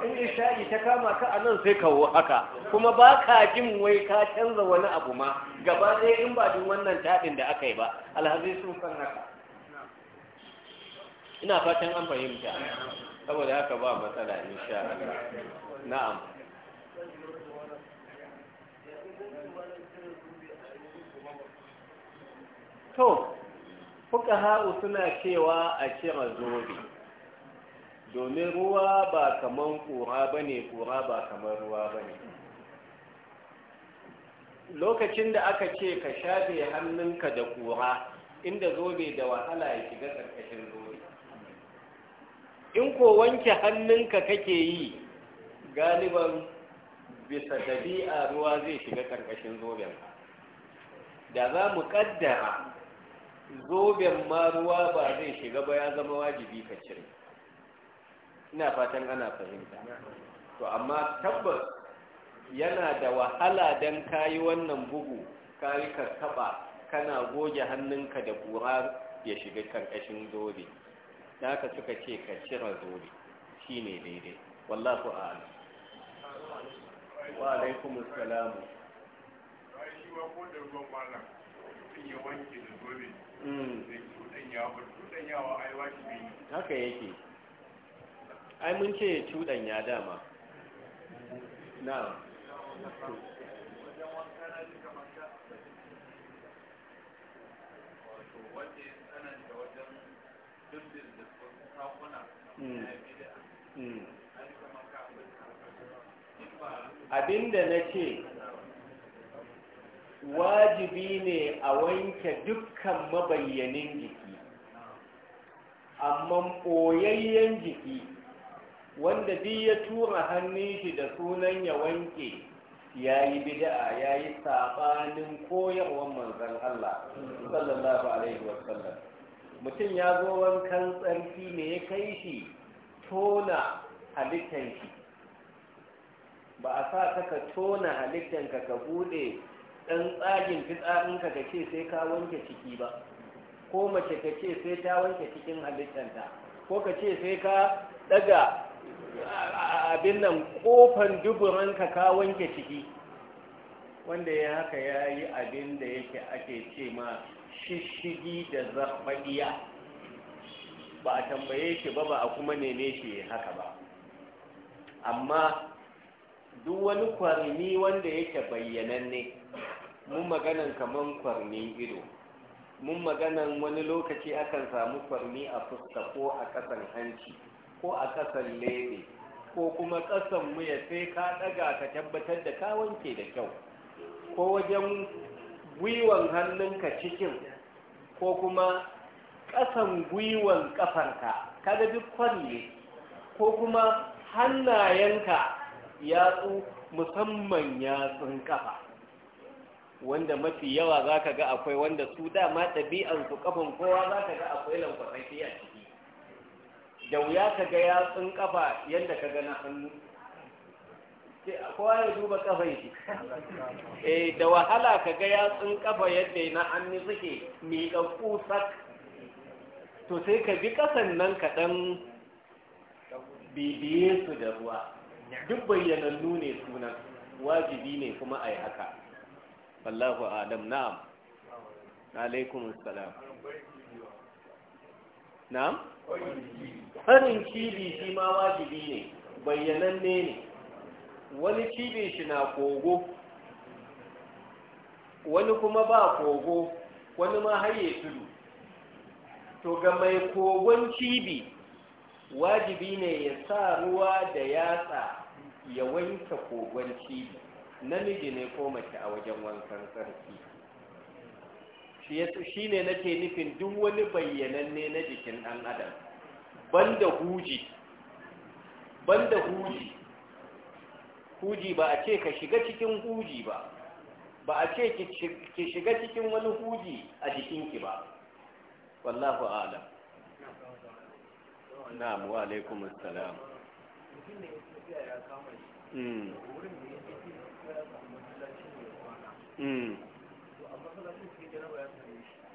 in isha'i ta kama ka a nan sai kawo haka kuma ba ka jin wai ka canza wani abu ma gaba ɗaya in ba jin wannan taɗin da aka yi ba alhazi sun kan haka ina fatan an fahimta saboda haka ba matsala insha Allah na'am to fuka suna cewa a cire zobe domin ruwa ba kamar ƙura ba ne kura ba kamar ruwa ba ne lokacin da aka ce ka shafe hannunka da ƙura, inda zobe da wahala ya shiga ƙarƙashin zobe in ko wanke hannunka kake yi galiban bisa dabi'a ruwa zai shiga ƙarƙashin zoben da za mu ƙaddara zoben ma ruwa ba zai shiga ba ya zama wajibi ka cire ina fatan ana fahimta to amma tabbas yana da wahala don kayi wannan bugu kayi karkaba kana goge hannunka da kura ya shiga karkashin zobe da ka suka ce ka cire zobe shi ne daidai wallahu a'ala wa alaikum assalamu hmm. haka yake ai mun ce cuɗan ya dama na hmm. hmm. abinda na ce wajibi ne a wanke dukkan mabayyanin jiki amma ɓoyayyen jiki wanda duk ya tura hannun shi da sunan ya wanke ya yi bida'a ya yi saɓanin koyarwar manzan Allah sallallahu alaihi wasallam mutum ya zo wankan tsarki ne ya kai shi tona halittar shi ba a sa ka ka tona halittar ka ka bude dan tsagin fitsarinka ka ce sai ka wanke ciki ba ko mace ka ce sai ta wanke cikin halittanta ko ka ce sai ka daga abin nan kofan duburanka ka wanke ciki wanda ya haka ya yi abin da yake ake ce ma shishigi da zarfaɗiya ba a tambaye shi ba ba a kuma neme shi haka ba amma duk wani kwarni wanda yake bayyananne mun maganan kaman kwarnin ido mun maganan wani lokaci akan samu kwarni a fuska ko a kasan hanci ko a ƙasan lebe ko kuma ƙasan ya sai ka ɗaga ka tabbatar da ka wanke da kyau ko wajen gwiwan hannunka cikin ko kuma ƙasan gwiwan ƙafarka kada duk kwalle ko kuma hannayenka yatsu musamman yatsun ƙafa wanda mafi yawa za ka ga akwai wanda su dama ɗabi'ansu ƙafan kowa za ka ga akwai lankwasashi fiye da wuya ka ga yatsun kafa yadda ka gana hannu kowa ya duba kafa yi eh da wahala ka ga yatsun kafa yadda na hannu suke miƙaƙƙu sak to sai ka bi ƙasan nan kaɗan bibiye su da ruwa duk bayyanannu ne sunan wajibi ne kuma a yi haka wallahu adam na'am alaikum salam na'am harin cibi shi ma wajibi ne bayyananne ne wani cibin shi na kogo wani kuma ba kogo wani ma haye tudu to ga mai kogon cibi wajibi ne ya sa ruwa da yatsa ya wanke kogon cibi namiji ne ko mace a wajen wankan sarki shi ne shine nake nufin duk wani bayyananne na jikin ɗan adam banda huji banda huji huji ba a ce ka shiga cikin huji ba ba a ce ki shiga cikin wani huji a jikinki ba wallahu alam na'am wa alaikum assalam mm mm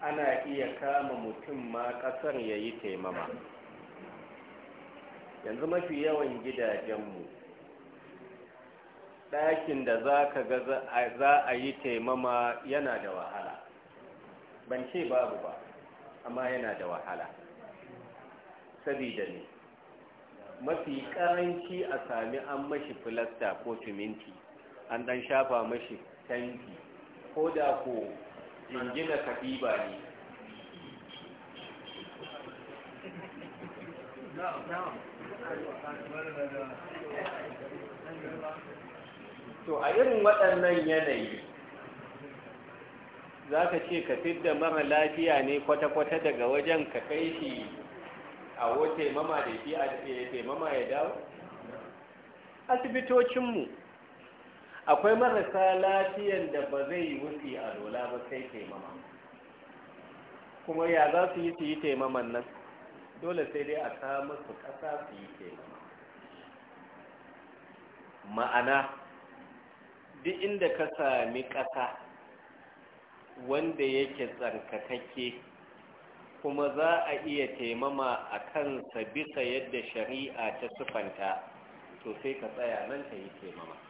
ana iya kama mutum ma ƙasar ya yi taimama yanzu mafi yawan gidajenmu ɗakin da za ka ga za a yi taimama yana da wahala ban ce babu ba amma yana da wahala sabida ne mafi ƙaranci a sami an mashi filasta ko siminti an ɗan shafa mashi tanki ko da ko in gina katiba ne to a irin waɗannan yanayi za ka ce ka fidda mara lafiya ne kwata-kwata daga wajen ka kai shi a wata mama da shi a ya dawo asibitocinmu akwai marasa lafiyan da ba zai yi wuce a lola ba sai taimama kuma ya za su yi su yi taimaman nan dole sai dai a samu su ƙasa su yi taimama ma'ana duk inda ka sami ƙasa wanda yake tsarkakakke kuma za a iya taimama a sa bisa yadda shari'a ta sufanta to sai ka tsaya nan ka yi taimama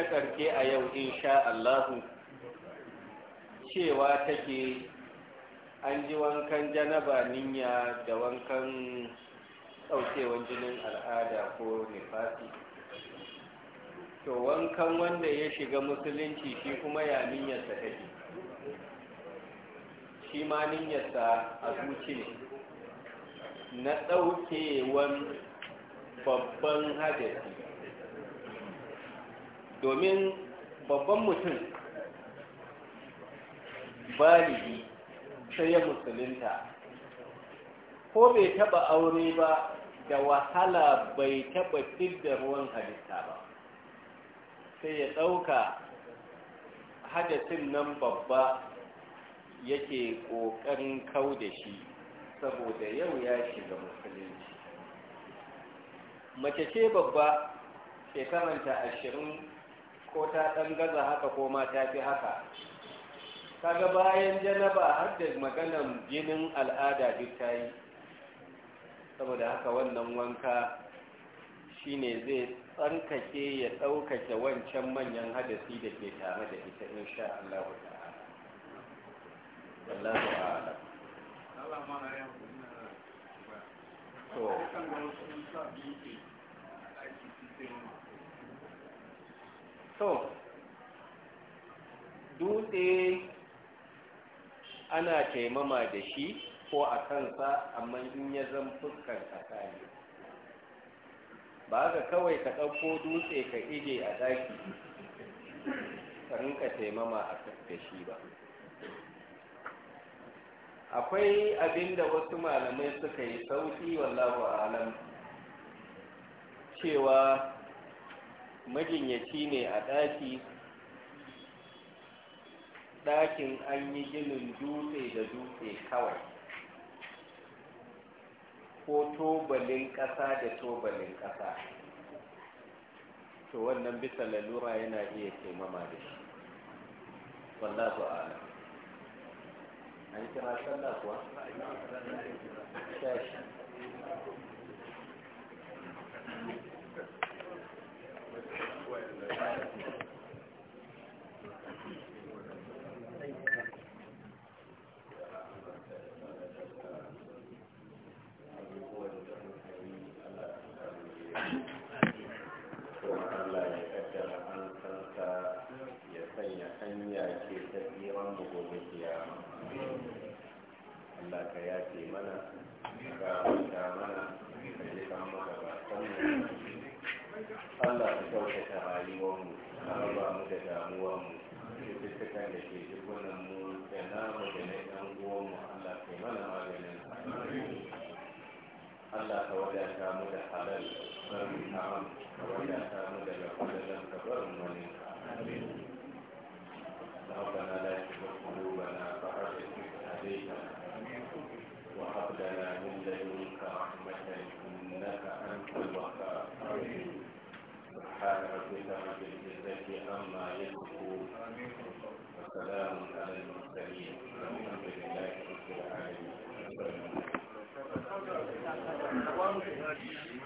ta karke a yau insha Allahu cewa take an ji wankan janaba ninya da wankan ɗaukewan jinin al'ada ko nifasi to wankan wanda ya shiga musulunci shi kuma ya niyyarsa take shi ma niyyarsa a zuci ne na ɗaukewan babban hadasi domin babban mutum baligi sai ya musulunta ko bai taba aure ba da wahala bai taba da ruwan halitta ba sai ya ɗauka hadasin nan babba yake ƙoƙarin kau da shi saboda yau ya shiga musulunci mace ce babba shekaranta ashirin ko ta ɗan gaza haka ko ma ta fi haka kaga bayan janaba har da maganan jinin al'ada duk ta yi saboda haka wannan wanka shine zai tsarkake ya ɗaukake wancan manyan hadasi da ke tare da ita insha Allah
ta'ala wallahu
to dutse ana taimama da shi ko a kansa amma in ya zan fuskar tsakani ba ka kawai ka ɗauko dutse ka ije a ɗaki ka rinka taimama a da shi ba akwai abin da wasu malamai suka yi sauki wallahu alam cewa majinyaci ne a ɗaki ɗakin an yi ginin dutse da dutse kawai ko tobalin ƙasa da tobalin ƙasa to wannan bisa lalura yana iya taimama da shi wallahu ala an kira sallah kuwa mana ga
da mana da ji kan Allah ta kyautata rayuwarmu a mu da damuwarmu cututtukan da ke jikunan mu da namu da na ɗan kai mana maganin Allah ka wadata mu da halal barin da lakwalalan ka barin wani ka. إليك رحمة إنك أنت الوهاب سبحان ربك رب العزة عما يصفون وسلام على المرسلين والحمد لله رب العالمين